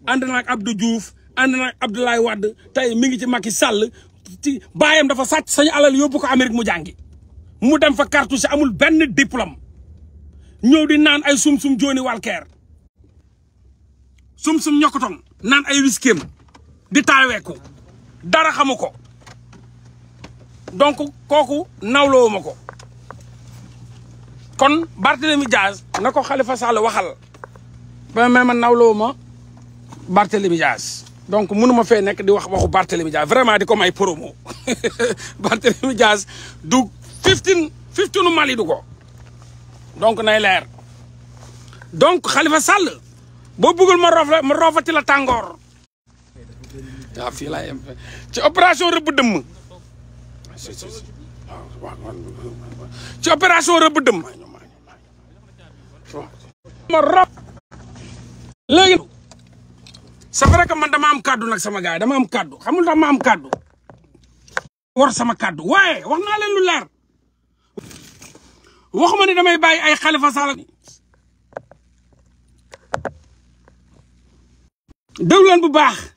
ànd na ak Abdou Diouf ànd na ak tey mi ngi ci Macky Sall ci baayam dafa sàcc sañu alal yóbbu ko Amérique mu jàngi mu dem fa cartouche amul benn diplom ñëw di naan ay sum-sum jooni walkeer sum-sum ñokkotoon naan ay wiskéem di taaweeku dara xamu ko donc kooku nawloowu ma ko kon Barthélemy Diaz na ko xalifa Sall waxal ba ma nawloo ma Barthélemy Diaz donc mënuma fee nekk di wax waxu Barthélemy Diaz vraiment di ko may promo Barthélemy Diaz du 15 15 Mali du ko donc nay leer donc Khalifa Sall boo bëggul ma roof ma roofati la tàngoor waaw fii laay am rëbb dëmm ci opération rëbb dëm ma rob léegi c'est vrai que man dama am kàddu nag sama gaay dama am kàddu xamul tax ma am kàddu sama kàddu waaye wax naa leen lu leer waxuma ne damay bàyyi ay Khalifa Sall déglu leen bu baax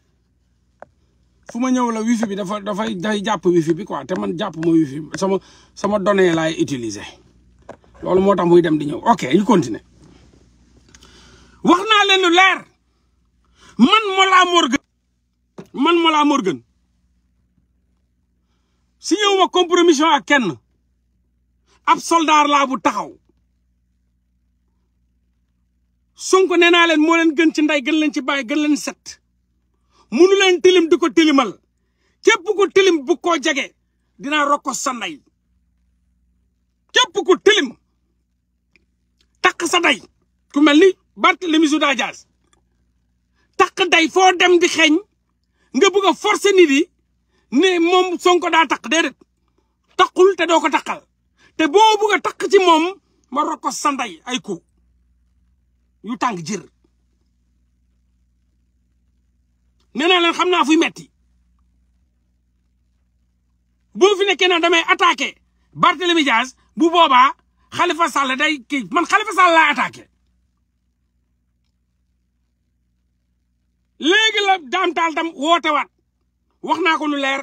fu ma ñëw la wifi bi dafa dafay day jàpp wifi bi quoi te man jàpp ma wifi sama sama données laay utiliser loolu moo tax muy dem di ñëw ok ñu continuer wax naa leen lu leer man Mollah Morgun man Mollah Morgun si ñëw ma compromission ak kenn ab soldaar laa bu taxaw Sonko nee naa leen moo leen gën ci ndey gën leen ci bàyyi gën leen set munu leen tilim di ko tilimal képp ku tilim bu koo jege dina rokko sanday képp ku tilim takk sa day ku mel ni Barthélémy Dias takk day foo dem di xeeñ nga bëgg a forcer nit yi ne moom Sonko daa takk déedéet takkul te doo ko takkal te boo bëgg a ci moom ma rokko sanday ay ku yu tàng jër nee naa leen xam naa fuy metti boo fi nekkee nag damay attaqué Barthélemy Diaz bu boobaa Khalifa Sall day kii man Khalifa Sall laay attaqué léegi la daam taal tam woote waat wax naa ko lu leer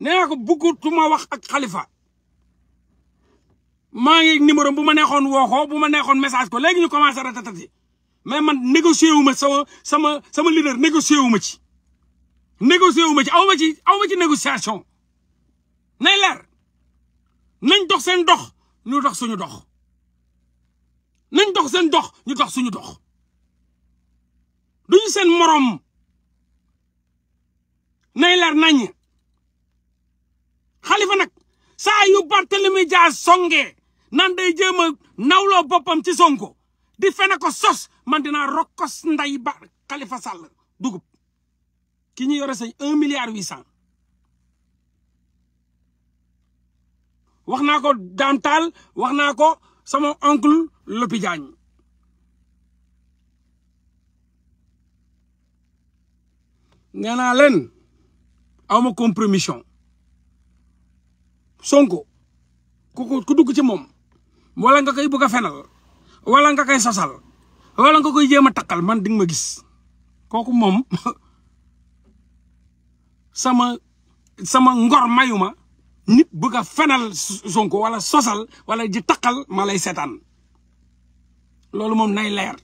nee naa ko ma wax ak Khalifa maa ngi numéro bu ma neexoon woo ko bu ma neexoon message ko léegi ñu commencé ratatati mais man négocié wu ma sama sama sama leader négocié wu ma ci négocié wu ma ci aw ma ci aw ma ci négociation nay leer nañ dox seen dox ñu dox suñu dox nañ dox seen dox ñu dox suñu dox duñu seen moroom nay nañ xalifa nag saa yu Barthélemy Dias songee nan day jéem a nawloo boppam ci Sonko di fene sos man dinaa rokkos nday ba Sall dugub ki ñu yore sa un milliard huit cent wax naa ko Dame wax naa ko sama oncle Lopi Diagne nee naa awma compromission Sonko ku dugg ci moom wala nga koy bëgg fenal wala nga koy sosal wala nga koy jéem a takkal man di nga ma gis kooku moom sama sama ngor mayu ma nit bëgg a fenal Sonko wala sosal wala ji takkal ma lay seetaan loolu moom nay leer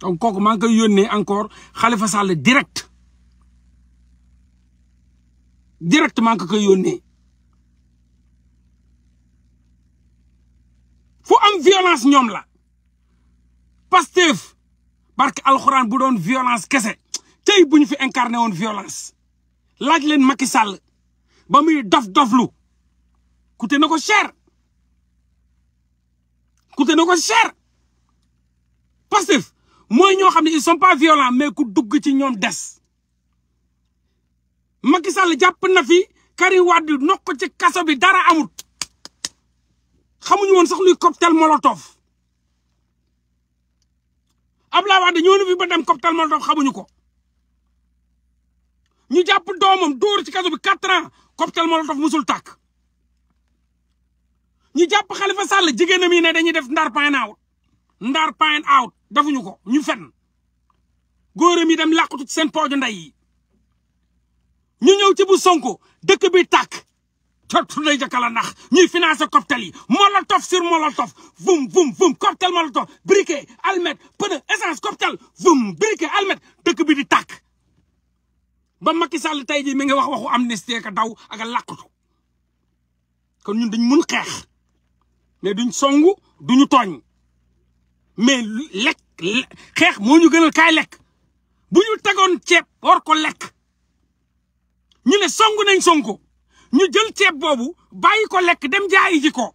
donc kooku maa ngi koy yónnee encore Khalifa Sall direct direct maa ngi koy yónnee fu am violence ñoom la Pastef barke alxuraan bu doon violence kese tey bu ñu fi incarné woon violence laaj leen Macky Sall ba muy dof doflu coûté na ko cher coûté na ko cher Pastef mooy ñoo xam ne ils sont pas mais ku dugg ci ñoom des Macky Sall jàpp na fi Karim Wade nokk ci kaso bi dara amut xamuñu woon sax luy cocktail molotov Abdoulaye Wade ñëw na fi ba dem cocktail Molotov ñu ko ñu jàpp doomam dóor ci kaso bi quatre ans cocktail Molotov musul tàkk ñu jàpp Khalifa Sall jigéenam yi ne dañuy def ndar point out ndar point out defuñu ko ñu fenn góoram yi dem làqutu ci seen pooju yi ñu ñëw ci bu Sonko dëkk bi tàkk cotu lay jëkk la nax ñuy financé cocktail yi molotov sur molotov vum vum vum cocktail molotov briquet almet pneu essence cocktail vum briquet almet dëkk bi di tàkk ba maki Sall tey jii mi ngi wax waxu amnistie ka daw ak a làqutu kon ñu dañ mun xeex mais duñ songu duñu tooñ mais lekk xeex moo ñu gënal kaay lekk bu ñu tegoon ceeb war ko lekk ñu ne songu nañ sonko ñu jël ceeb boobu bàyyi ko lekk dem jaayi ji ko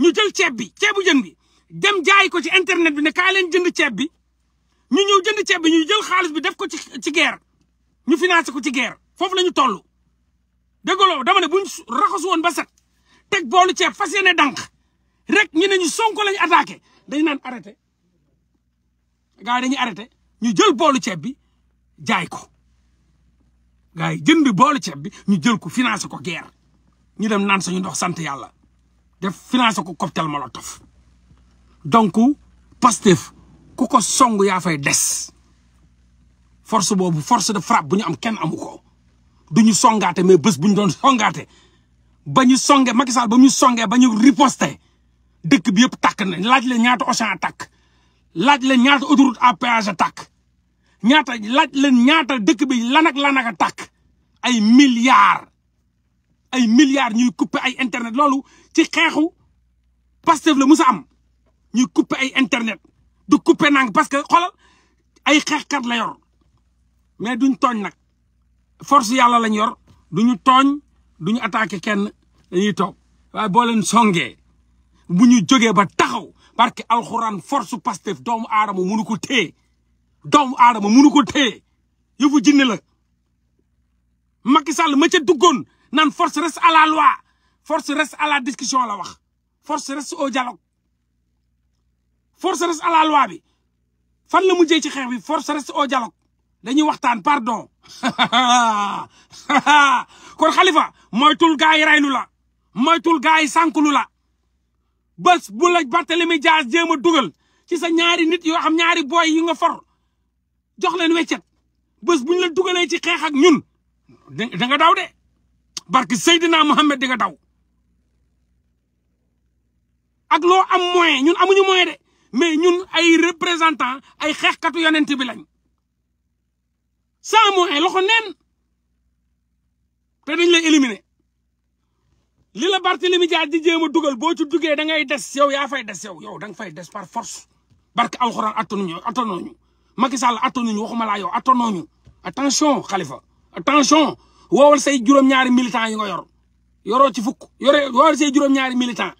ñu jël ceeb bi ceebu jën bi dem jaayi ko ci internet bi ne kaay leen jënd ceeb bi ñu ñëw jënd ceeb bi ñu jël xaalis bi def ko ci ci guerre ñu financé ko ci guerre foofu la ñu toll. déggoo dama ne buñ raxasu ba set te boolu ceeb fas yéene dànk rek ñu ne ñu sonko lañu attaqué dañ naan arrêté gars yi dañuy arrêté ñu jël boolu ceeb bi jaay ko. gars yi bi boolu ceeb bi ñu jël ko financé ko guerre ñu dem naan sañu ndox sant yàlla def financé ko cocktail molotov donc Pastef ku ko song yaa fay des force boobu force de frappe bu ñu am kenn amu ko du ñu songaate mais bés bu ñu doon songaate ba ñu songe Macky Sall ba ñu songee ba ñu riposté dëkk bi yëpp tàkk na laaj leen ñaata Auchan a tàkk laaj leen ñaata autoroute à péage tàkk ñaata laaj leen ñaata dëkk bi lanak ak lan ak a ay milliards ay milliards ñuy couper ay internet loolu ci xeexu Pastef la musa am ñuy couper ay internet du couper nang parce que xoolal ay xeexkat la yor mais duñ tooñ nag force yàlla lañ yor duñu tooñ duñu attaqué kenn dañuy toog waaye boo leen songee bu ñu jógee ba taxaw parce que alxuraan force Pastef doomu aadama mënu ko téye doomu aadama munu ko téye yëfu jinne la Macky Sall ma ca duggoon nan force reste à la force reste à la discussion la wax force reste au dialogue force reste à la bi fan la mujjee ci xeex bi force reste o dialogue dañuy waxtaan pardon kon Khalifa moytul gars yi raylu la moytul gars yi sànkulu la bés bu la Barthélemy Dias jéem a dugal ci sa ñaari nit yoo xam ñaari boy yi nga for jox leen weccet bës bu ñu la dugalee ci xeex ak ñun da nga daw de barke Seydina Mohamed di nga daw ak loo am moyen ñun amuñu moyen de mais ñun ay représentant ay xeexkatu yonent bi lañ sans moyen loxo neen te dañ lay éliminer li la Barthélemy Dias di jéem a dugal boo ci duggee da ngay des yow yaa fay des yow yow da nga fay des par force barke alxuraan attanuñu attanuñu Macky Sall attonuñu waxuma laa yow attonooñu attention Khalifa attention woowal say juróom-ñaari militant yi yor yoro ci fukk yore woowal say juróom-ñaari militan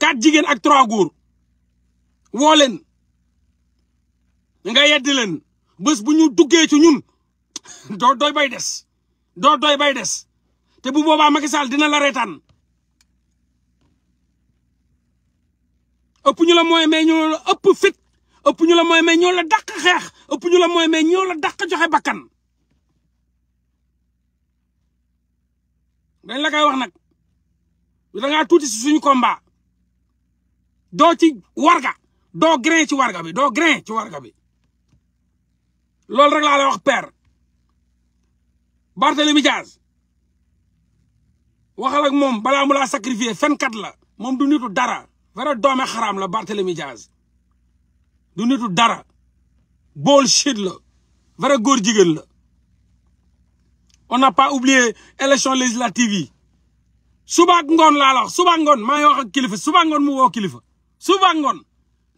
quatre jigéen ak trois góor woo leen nga yeddi leen bés bu ñu duggee ci ñun doo doy bay des doo doy bay des te bu boobaa Macky Sall dina la reetaan ëpp ñu la mooy mais ñoo la ëpp ëpp ñu la mooy mais ñoo la dàq xeex ëpp ñu la mooy mais ñoo la dàq joxe bakkan dañ la koy wax nag da ngaa tuuti si suñu doo ci warga doo grain ci warga bi doo grain ci warga bi loolu rek laa lay wax père Barthélemy Diaz waxal ak moom balaa mu laa sacrifier fenkat la moom du nitu dara vrai doome xaraam la Barthélemy Diaz du nitu dara bullshit la vrai góor jigéen la on n'a pas oublié élection législative yi suba ak ngoon laa la wax suba ak ngoon kilifa suba ak ngoon mu woo kilifa suba ak ngoon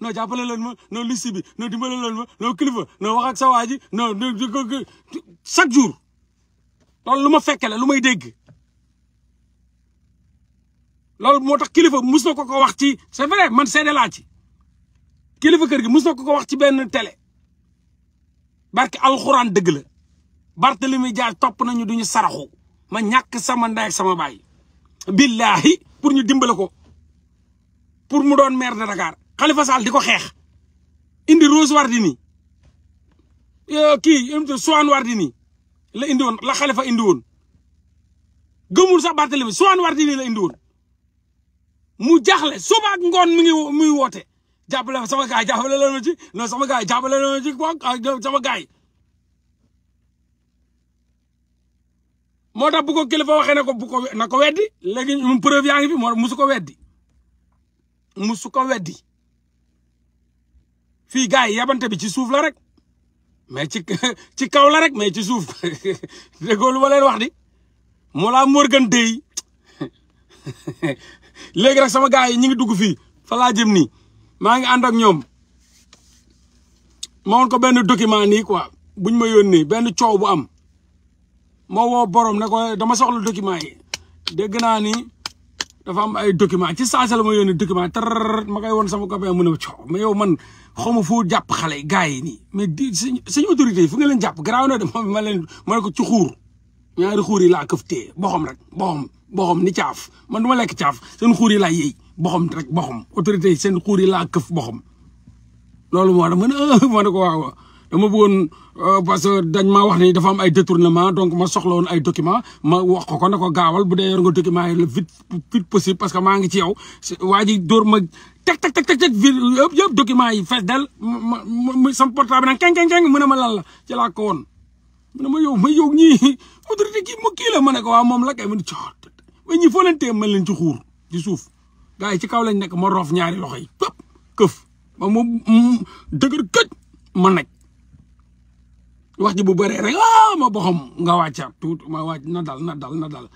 non jàppale leen ma non liste bi kilifa non wax ak sa waa ji non chaque jour loolu lu ma fekke la lu may dégg loolu moo tax kilifa mus ko ko wax ci c'est man seede ci kilifa kër gi mus ko ko wax ci benn télé barke alxuraan dëgg la Barthélemy Dias topp nañu duñu saraxu ma ñàkk sama ndey sama baay billaahi pour ñu dimbale ko pour mu doon maire na Dakar Khalifa sal di ko xeex indi Rose Wardini kii Soham Wardini la indi woon la Khalifa indi woon gëmul sax Barthélemy Soham Wardini la indi woon mu jaaxle suba ak ngoon mi ngi muy woote jàppale sama gars yi jàppale leen ma sama gars yi jàppale leen ma ci sama gars moo tax bu ko kilifa waxee ne ko bu ko na ko weddi léegi ñun yaa ngi fi moo musu ko weddi musu ko weddi fii gars yi bi ci suuf la rek mais ci kaw la rek mais ci suuf déggoo lu ma leen wax di léegi rek sama gars yi ñu ngi dugg fii fa laa jëm nii maa ngi ànd ak ñoom ma woon ko benn document nii quoi buñ ma yónnee benn coow bu am ma woo borom ne ko dama soxla document yi dégg naa ni dafa am ay document ci saa la ma yónnee document tar ma koy woon sama copain mu ne ma coow mais yow man xaw ma foo jàpp xale yi gars yi nii mais di suñu autorité yi fu nga leen jàpp garaaw na de ma leen ma ne ko ci xuur ñaari xuur yi laa këf tee boxam rek boxam boxom ni caaf man du ma lekk caaf seen xuur yi laa yëy boxom rek boxom autorité yi seen xuur yi laa këf boxom loolu moo tax mën ne ma ne ko waaw dama bëggoon euh, parce dañ maa wax ni dafa am ay détournement donc ma soxla woon ay document ma wax ko ko ne ko gaawal bu dee yor nga documents yi le vite vite possible parce que maa ngi ci yow waa ji dóor ma teg teg teg teg yëpp yëpp yi fees del ma ma sama portable nag keng keng keng mu ne ma lan la ci laa ko woon mu ne ma yow ma yow ñii autorité kii ma kii ko waaw moom la kay mu ne coor ba ñi foo leen tee mën leen ci xuur suuf gars yi ci kaw lañ nekk ma roof ñaari loxo yi pëp këf ba mu dëgër këj ma naj wax ji bu bëree rek ah ma boxam nga wàccaat tuut na dal na dal na dal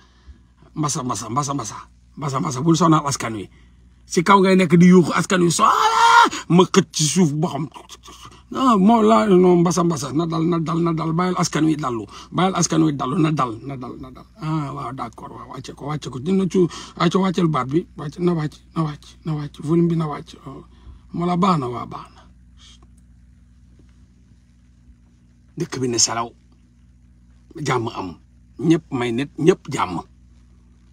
mbasa mbasa mbasa mbasa mbasa mbasa bul sonal askan wi si kaw ngay nekk di yuuxu askan wi so ah, ma xëcc ci suuf boxam ah moo laa non mbasa mbasa na dal na dal na dal bàyyil askan wi dallu bàyyil askan wi dallu na dal na dal na dal ah waaw d'accord waaw wàcce ko wàcce ko dina ci wàcce ah, wàccel baat bi wàcce na wàcc na wàcc na wàcc volume bi na wàcc oh. moo la baax na waa baax na bi ne salaw jàmm am ñëpp may nit ñëpp jàmm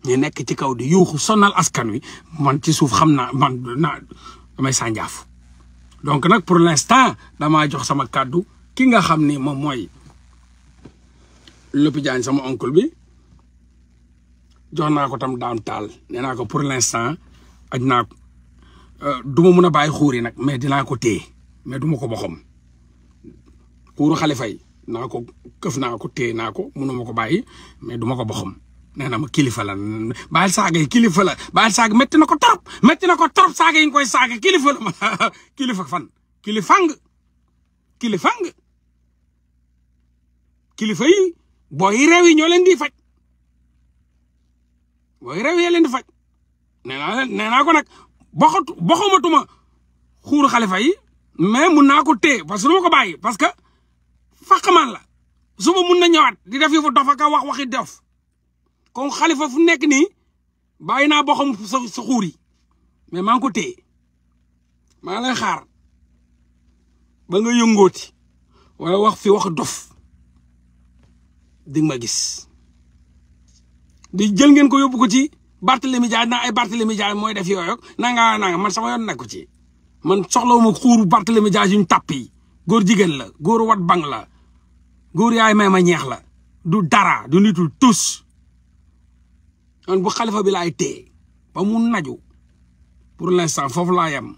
ñu nekk ci kaw di yuuxu sonal askan wi man ci suuf xam naa man naa damay sànjaaf donc nag pour l'instant damaa jox sama kàddu ki nga xam ni moom mooy Lopy Diagne sama oncle bi jox naa ko tam daam taal nee naa ko pour l'instant aj naa ko euh, du ma mun a bàyyi xuur yi nag mais dinaa ko téye mais duma ko boxom xuuru xalifa yi naa ko këf naa ko téye naa ko ma ko bàyyi mais du ma ko boxom nee na ma kilifa la bàyyil saaga yi kilifa la bàyyil saaga métti na ko trop métti na ko trop saaga yi nga koy saaga kilifa la ma kilifa fan kilifang kilifang kilifa yi booy yi réew yi ñoo leen di faj booy yi réew leen di faj nee naa leen nee ko nag boxatu boxamatuma xuuru xalifa yi mais mun naa ko téye parce que du ma ko bàyyi parce que faqamaan la suba mun na ñëwaat di def yëfu dof ak a wax waxi kon xalifa fu nekk nii bàyyi naa boxam sa sa xuur yi mais maa ngi ko téye maa lay xaar ba nga yëngooti wala wax fi wax dof di ma gis di jël ngeen ko yóbbu ko ci Barthélemy Dias naa ay Barthélemy Dias mooy def yooyu nanga nanga man sama yoon nekku ci man soxlawuma xuuru Barthélemy Dias yuñ tàpp yi góor jigéen la góor wat bang la góor yaay may ma ñeex la du dara du nitul tus man bu xalifa bi laay téye ba mu naju pour l'instant foofu laa yem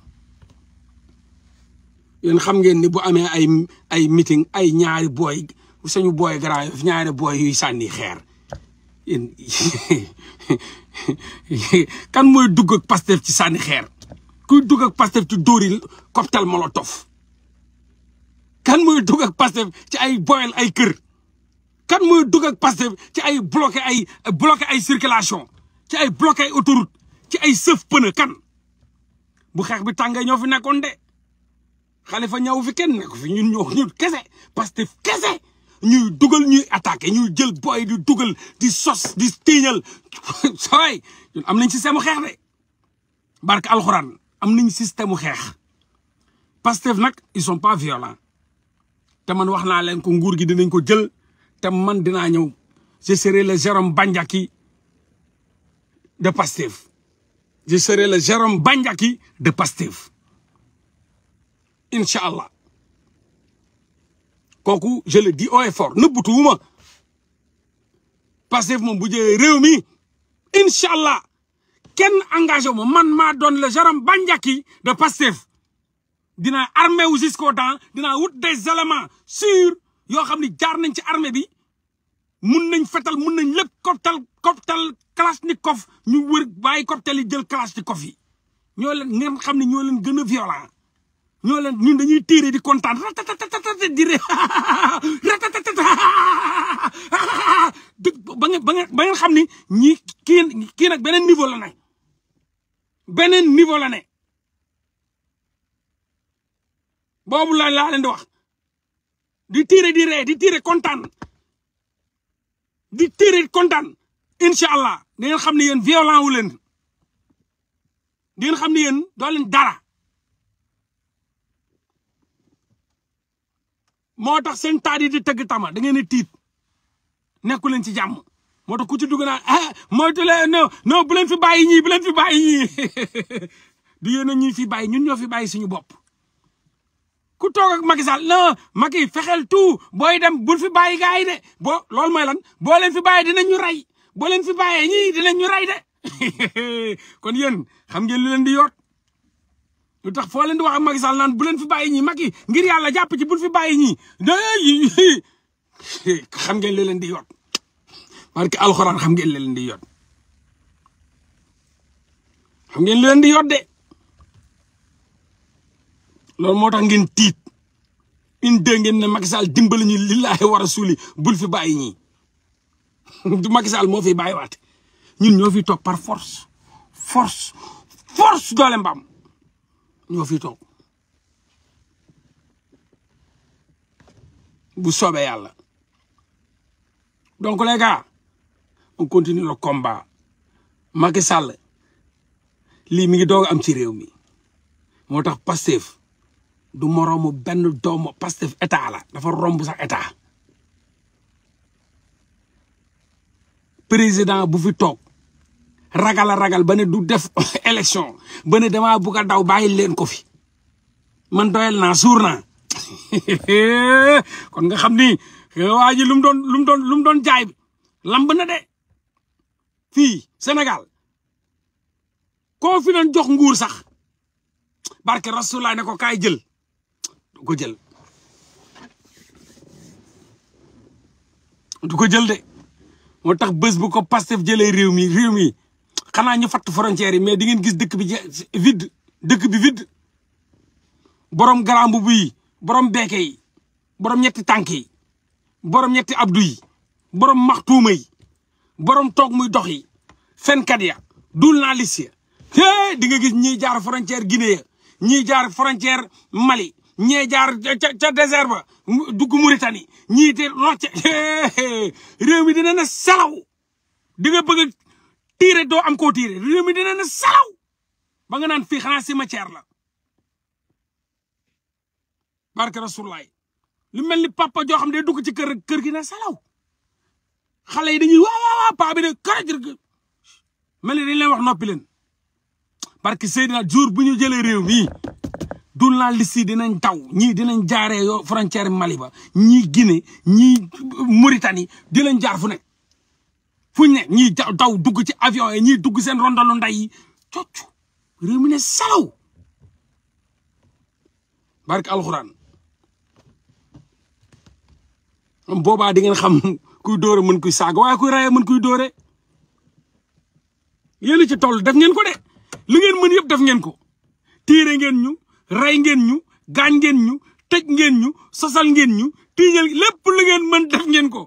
yéen xam ngeen ni bu amee ay ay ay ñaari booy suñu booy Grand Yoff ñaari booy yuy sànni xeer kan mooy dugg ak ci sànni xeer kuy dugg ak Pastef ci dóoril molo tof kan mooy dugg ak Pastef ci ay boyal ay kër kan mooy dugg ak Pastef ci ay bloqué ay bloqué ay circulation ci ay bloqué ay autoroute ci ay sëf kan bu xeex bi tàngee ñoo fi nekkoon de Xalifa ñaw fi kenn nekk fi ñun ñoo ñu kese Pastef kese ñuy dugal ñuy attaqué ñuy jël booy du dugal di sos di tiiñal saway am nañ système mu xeex de barke alxuraan am nañ système mu xeex Pastef nag ils sont pas violents te man wax naa leen ko nguur gi dinañ ko jël te man dinaa ñëw je serai le Jérôme Bandiaki de Pastef je serai le Jérôme Bandiaki de Pastef incha allah kooku je le dis haut et fort nëbbutuwuma Pastef moom bu jëlee réew mi incha allah kenn engagé wu ma man maa doon le Jérôme Bandiaki de Pastef dina armé wu jusqu'aux dents dinaa wut des éléments sûrs yoo xam ni jaar nañ ci armée bi mun nañ fetal mun nañ lépp cocktail cocktail kalashnikov ñu wër bàyyi cocktail yi jël kalashnikov yi ñoo leen ngeen xam ne ñoo leen gën a violent ñoo leen ñun dañuy téere di kontaan ratatata di re ratatata dëgg ba ngeen ba ngeen ba ngeen xam ne ñi kii kii nag beneen niveau la ne beneen niveau la ne boobu la laa leen di wax di téere di ree di téere kontaan di tirer kontaan incha allah di ngeen xam ni yéen violent wu leen di ngeen xam ne yen doo dara moo tax seen taat yi di tëgg tama da ngeen di tiit nekku leen ci jàmm moo tax ku ci dugg naa ah moytu leen non non leen fi bàyyi ñii bu leen fi bàyyi ñii du yéen a ñuy fi bàyyi ñun ñoo fi bàyyi suñu bopp. ku toog ak Macky Sall non Macky fexeel tout booy dem bul fi bàyyi gars yi de bo loolu mooy lan boo leen fi bàyyi dinañu ray boo leen fi bàyyee ñii ñu ray de kon yéen xam ngeen lu leen di yoot lu tax foo leen di wax ak Macky bu leen fi bàyyi ñii Macky ngir yàlla jàpp ci bul fi bàyyi ñii xam ngeen lu leen di yoot barke alxuraan xam ngeen di yoot xam ngeen lu leen de loolu moo tax ngeen tiit une deux ngeen ne Macky Sall dimbali ñu lillaahi war a suuli bul fi bàyyi ñi du Macky Sall moo fi bàyyiwaate ñun ñoo fi toog par force force force doole mbaam ñoo fi toog bu soobee yàlla donc les gars on continue le combat lii mi ngi doog am ci réew mi moo tax Pastef du moroomu benn doomu Pastef état la dafa romb sax état président bu fi toog ragala ragal ba ne du def élection ba ne damaa bugg a daw bàyyi leen ko fi man doyal naa suur naa kon nga xam ni waa ji lu mu doon lum doon lu mu doon jaay lamb na de fii Sénégal koo fi doon jox nguur sax barke Rasulullah ne ko kaay jël ko jël du ko jël de moo tax bés bu ko Pastef jëlee réew mi réew mi xanaa ñu fatt frontière yi mais di ngeen gis dëkk bi vide dëkk bi vide borom garambu buy borom beeke yi borom ñetti tànk yi borom ñetti abdu yi borom maxtuuma yi borom toog muy dox yi fenkat ya dul naa lis ya di nga gis ñiy jaar frontière Guinée ya ñiy jaar frontière Mali ñee jaar ca ca désert ba dugg Mauritanie ñii di rocce réew mi dina ne salaw di nga bëgg a tiire doo am koo tiire réew mi dina ne salaw ba nga naan fii xanaa si matière la. barke rasulaay lu mel ni papa joo xam ne day dugg ci kër kër gi ne salaw xale yi dañuy waaw waaw waaw paa bi de mel ni dañ leen wax noppi leen barke Seydina jour bu ñu jëlee réew mi journaliste yi dinañ taw ñii dinañ jaaree yoo frontière Mali ba ñii Guinée ñii Mauritanie dinañ jaar fu ne fu ñu ne ñii taw dugg ci avion yi ñii dugg seen rondalu nday yi cocc réew mi ne salaw barke alxuraan boobaa di ngeen xam kuy dóore mën kuy saaga waaye kuy raye mën kuy dóore yéen ci toll def ngeen ko de li ngeen mën def ngeen ko tiire ngeen ñu rey ngeen ñu gaañ ngeen ñu tëj ngeen ñu sosal ngeen ñu tiijal lépp lu ngeen mën def ngeen ko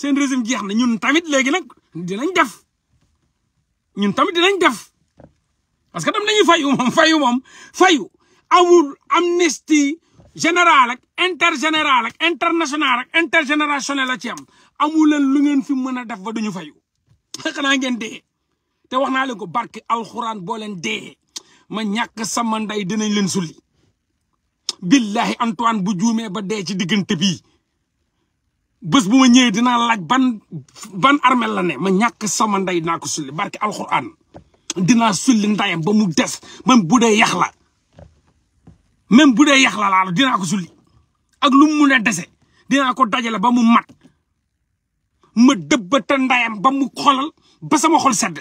seen régime jeex na ñun tamit léegi nag dinañ def ñun tamit dinañ def parce que tam nañuy fayu moom fayu moom fayu amul amnistie générale ak général ak internationale ak intergénérationnel la ci am amul leen lu ngeen fi mën a def ba duñu fayu na ngeen dee te wax naa leen ko barke alxuraan boo leen dee ma ñàkk sama ndey dinañ leen sulli billahi Antoine bu juumee ba dee ci diggante bii bés bu ma ñëwee dinaa laaj ban ban armel la ne ma ñàkk sama ndey dinaa ko sulli barke alxuraan dinaa sulli ndayam ba mu des même bu dee yax la même bu dee yax la laala dinaa ko sulli ak lu mu mun a dese dinaa ko dajale ba mu mat ma dëbbata ndayam ba mu xolal ba sama xol sedd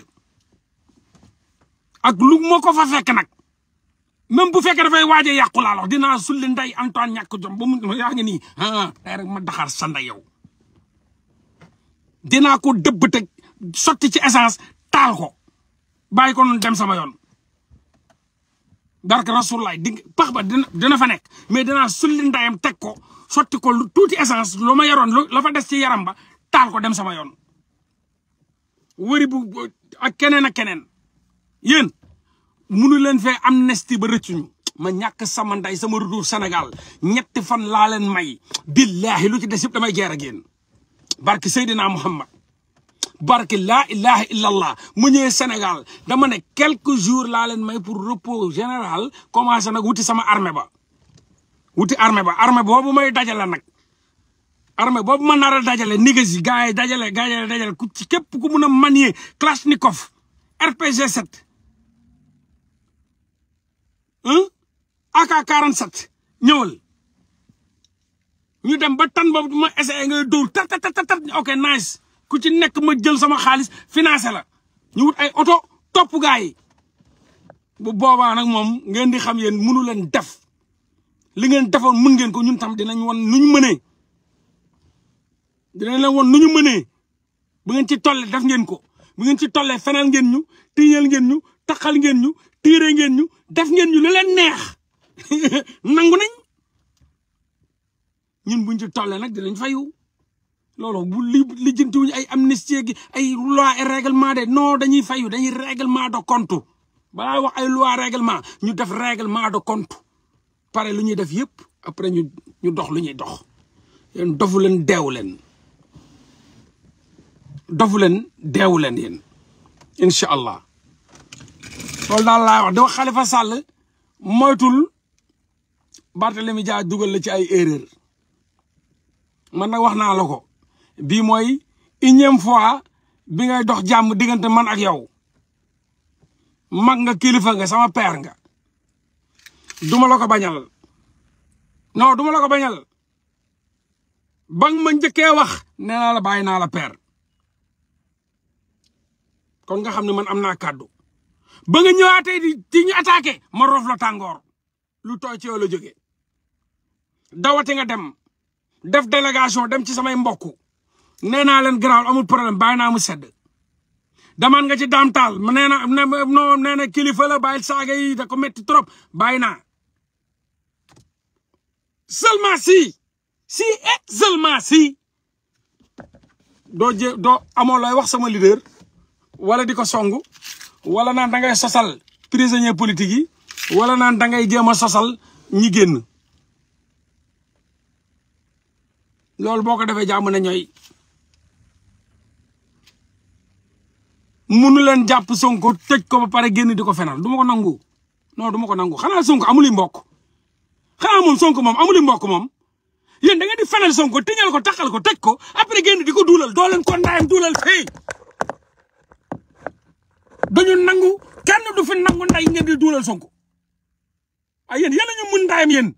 ak lu ma ko fa fekk nag même bu fekkee dafay waaj a dina laa wax dinaa sulli nday Antoine ñàkk mu yaa ngi nii ah rek ma daxaar sa nday ko dëbb teg sotti ci essence taal ko bàyyi ko noonu dem sama yoon. barke rasulaay di pax dina fa nekk mais dinaa sulli ndayam teg ko sotti ko lu tuuti essence lu ma yoroon la fa des ci yaram ba taal ko dem sama yoon. wëri bu ak keneen ak keneen. yéen munu leen fee amnistie ba rëccuñu ma ñàkk sama nday sama retour Sénégal ñetti fan laa leen may billaahi lu ci des yëpp damay geer ak yéen barke Seydina Muhammad barke laa ilaha illallah mu ñëwee Sénégal dama ne quelques jours laa leen may pour repos général commencé nag wuti sama arme ba wuti arme ba arme armée boobu may dajale nag armée boobu ma nar a dajale négasi gars yi dajale gars yi dajale ci képp ku mun a manier Kalachnikov RPG 7 AK47 ñëwal ñu dem ba tan boobu ma essayé ngay dóor tat tat tat ok nice ku ci nekk ma jël sama xaalis financé la ñu wut ay oto topp gaa yi bu boobaa nag moom ngeen di xam yéen mënu leen def li ngeen defoon mën ngeen ko ñun tam dinañ won nu ñu mënee dinañ leen won nu ñu mënee bu ngeen ci tollee def ngeen ko bu ngeen ci tollee fenal ngeen ñu tiñal ngeen ñu taxal ngeen ñu tiire ngeen ñu def ngeen ñu lu leen neex nangu nañ ñun buñ ci tollee nag dinañ fayu loolu bu li lijjantiwuñu ay gi ay loi et règlement de noo dañuy fayu dañuy règlement do compte balaa wax ay loi règlement ñu def règlement do compte pare lu ñuy def yëpp après ñu ñu dox lu ñuy dox yéen dofu leen deewu leen dofu leen deewu leen yéen incha allah loolu daal laa wax di wax Khalifa Sall moytul Barthélemy Dia dugal la ci ay erreur man nag wax naa la ko bii mooy unième fois bi ngay dox jàmm diggante man ak yow mag nga kilifa nga sama père nga duma la ko bañal non duma la bañal ba nga ma njëkkee wax nee naa la bàyyi naa la père kon nga xam ne man am naa kàddu ba nga ñëwaatee di di ñu ma rof la tàngoor lu tooy ci yow la dawati nga dem def délégation dem ci samay mbokk nee naa leen garaaw amul problème bàyyi mu sedd damaan nga ci daamtaal nee na non nee na kilifa la bàyyi saaga yi da ko métti trop bàyyi naa seulement si si et eh, seulement si doo jé doo amoo looy wax sama leader wala di ko song wala naan da ngay sosal prisonnier politique yi wala naan da ngay jéem a sosal ñi génn loolu boo ko defee jàmm na ñooy munu leen jàpp Sonko tëj ko ba pare génn di ko fenal du ma ko nangu non du ma ko nangu xanaa Sonko amul i mbokk xanaa moom Sonko moom amul i mbokk moom yéen da ngeen di fenal Sonko tiñal ko taxal ko tëj ko après génn di ko duulal doo leen ko ndayam duulal fii dañu nangu kenn du fi nangu nday ngeen di duulal Sonko ay yéen yéen ñu mun ndayam yéen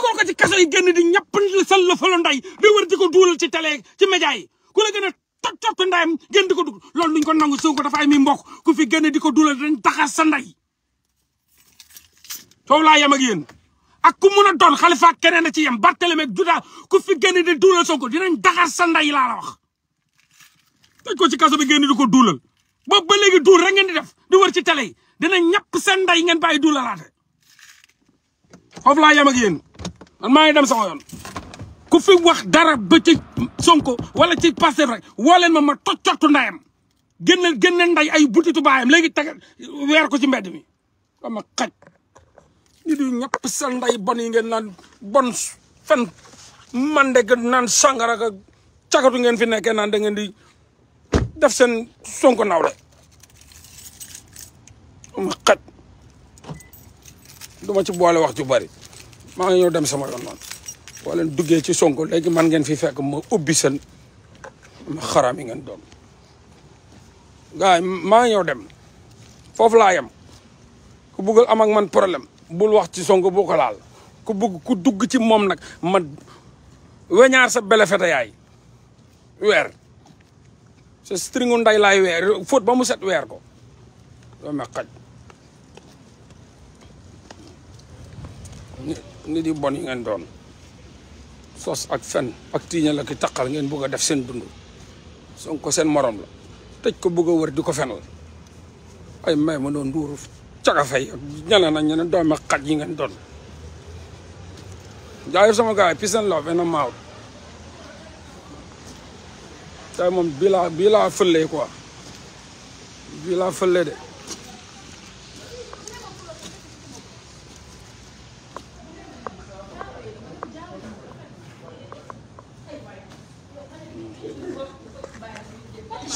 dugal ko ci kaso yi génn di ñàpp sal la falo nday di wër di ko duulal ci télé ci média yi ku la gën a tot tot ndayam génn di ko dugg loolu duñ ko nangu Sonko dafa ay mi mbokk ku fi génn di ko duulal dañ taxas sa nday foofu laa yem ak yéen ak ku mun a doon xalifa keneen a ci yem Barthélemy ak Duda ku fi génn di duulal Sonko dinañ daxas sa nday laa la wax tëj ko ci kaso bi génn di ko duulal boobu ba léegi duul rek ngeen di def di wër ci télé yi dinañ ñàpp seen nday ngeen bàyyi duulalaate foofu laa yem ak yéen man maa ngi dem sama yoon ku fi wax dara ba ci Sonko wala ci Pastef rek woo ma ma toj cottu ndayam génne génne nday ay butitu baayam léegi teg weer ko ci mbedd mi dama xaj ñu di ñëpp sel nday bon yi ngeen naan bon fen mande ga naan sàngara ga cagatu ngeen fi nekkee naan da ngeen di def seen Sonko nawle dama xaj duma ci boole wax ju bari maa ngi ñëw dem sama yoon noonu leen duggee ci Sonko léegi man ngeen fi fekk ma ubbi seen ma xaram yi ngeen doon gars maa ngi ñëw dem foofu laa yem ku bugg am ak man problème bul wax ci Sonko boo ko laal ku bëgg ku dugg ci moom nag ma weñaar sa belefete yaay weer sa stringu nday laay weer fóot ba mu set weer ko doo ma xaj nit yu bon yi ngeen doon sos ak fen ak tiiñal ak taqal ngeen bëgg a def seen dund Sonko seen morom la tëj ko bëgg a wër di ko fenal ay may ma doon nduuru cagafay ak ñeneen ak ñeneen doomi xaj yi ngeen doon jaayur sama gars yi peace and love and maaw tey moom bii laa bii laa fëllee quoi bii laa de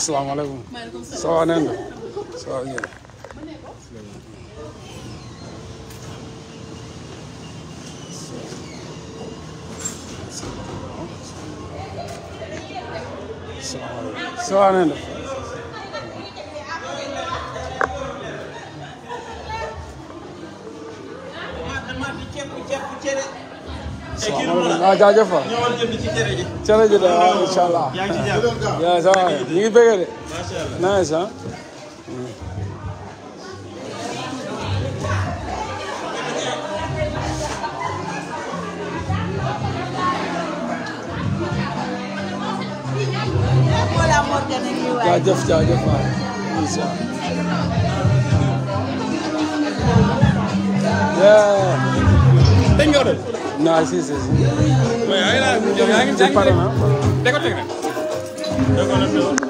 asalaamaaleykum. maaleykum salaam soo neen nga soo yéen. soo neen nga. Ah, ceeb ceeb ceeb waaw jaajëf fa cere ji de waaw ah, incha allah yaa sa ah, waay ñu ngi bëgg de nice ah jaajëf jaajëf waay incha allah non si si si. oui aywa.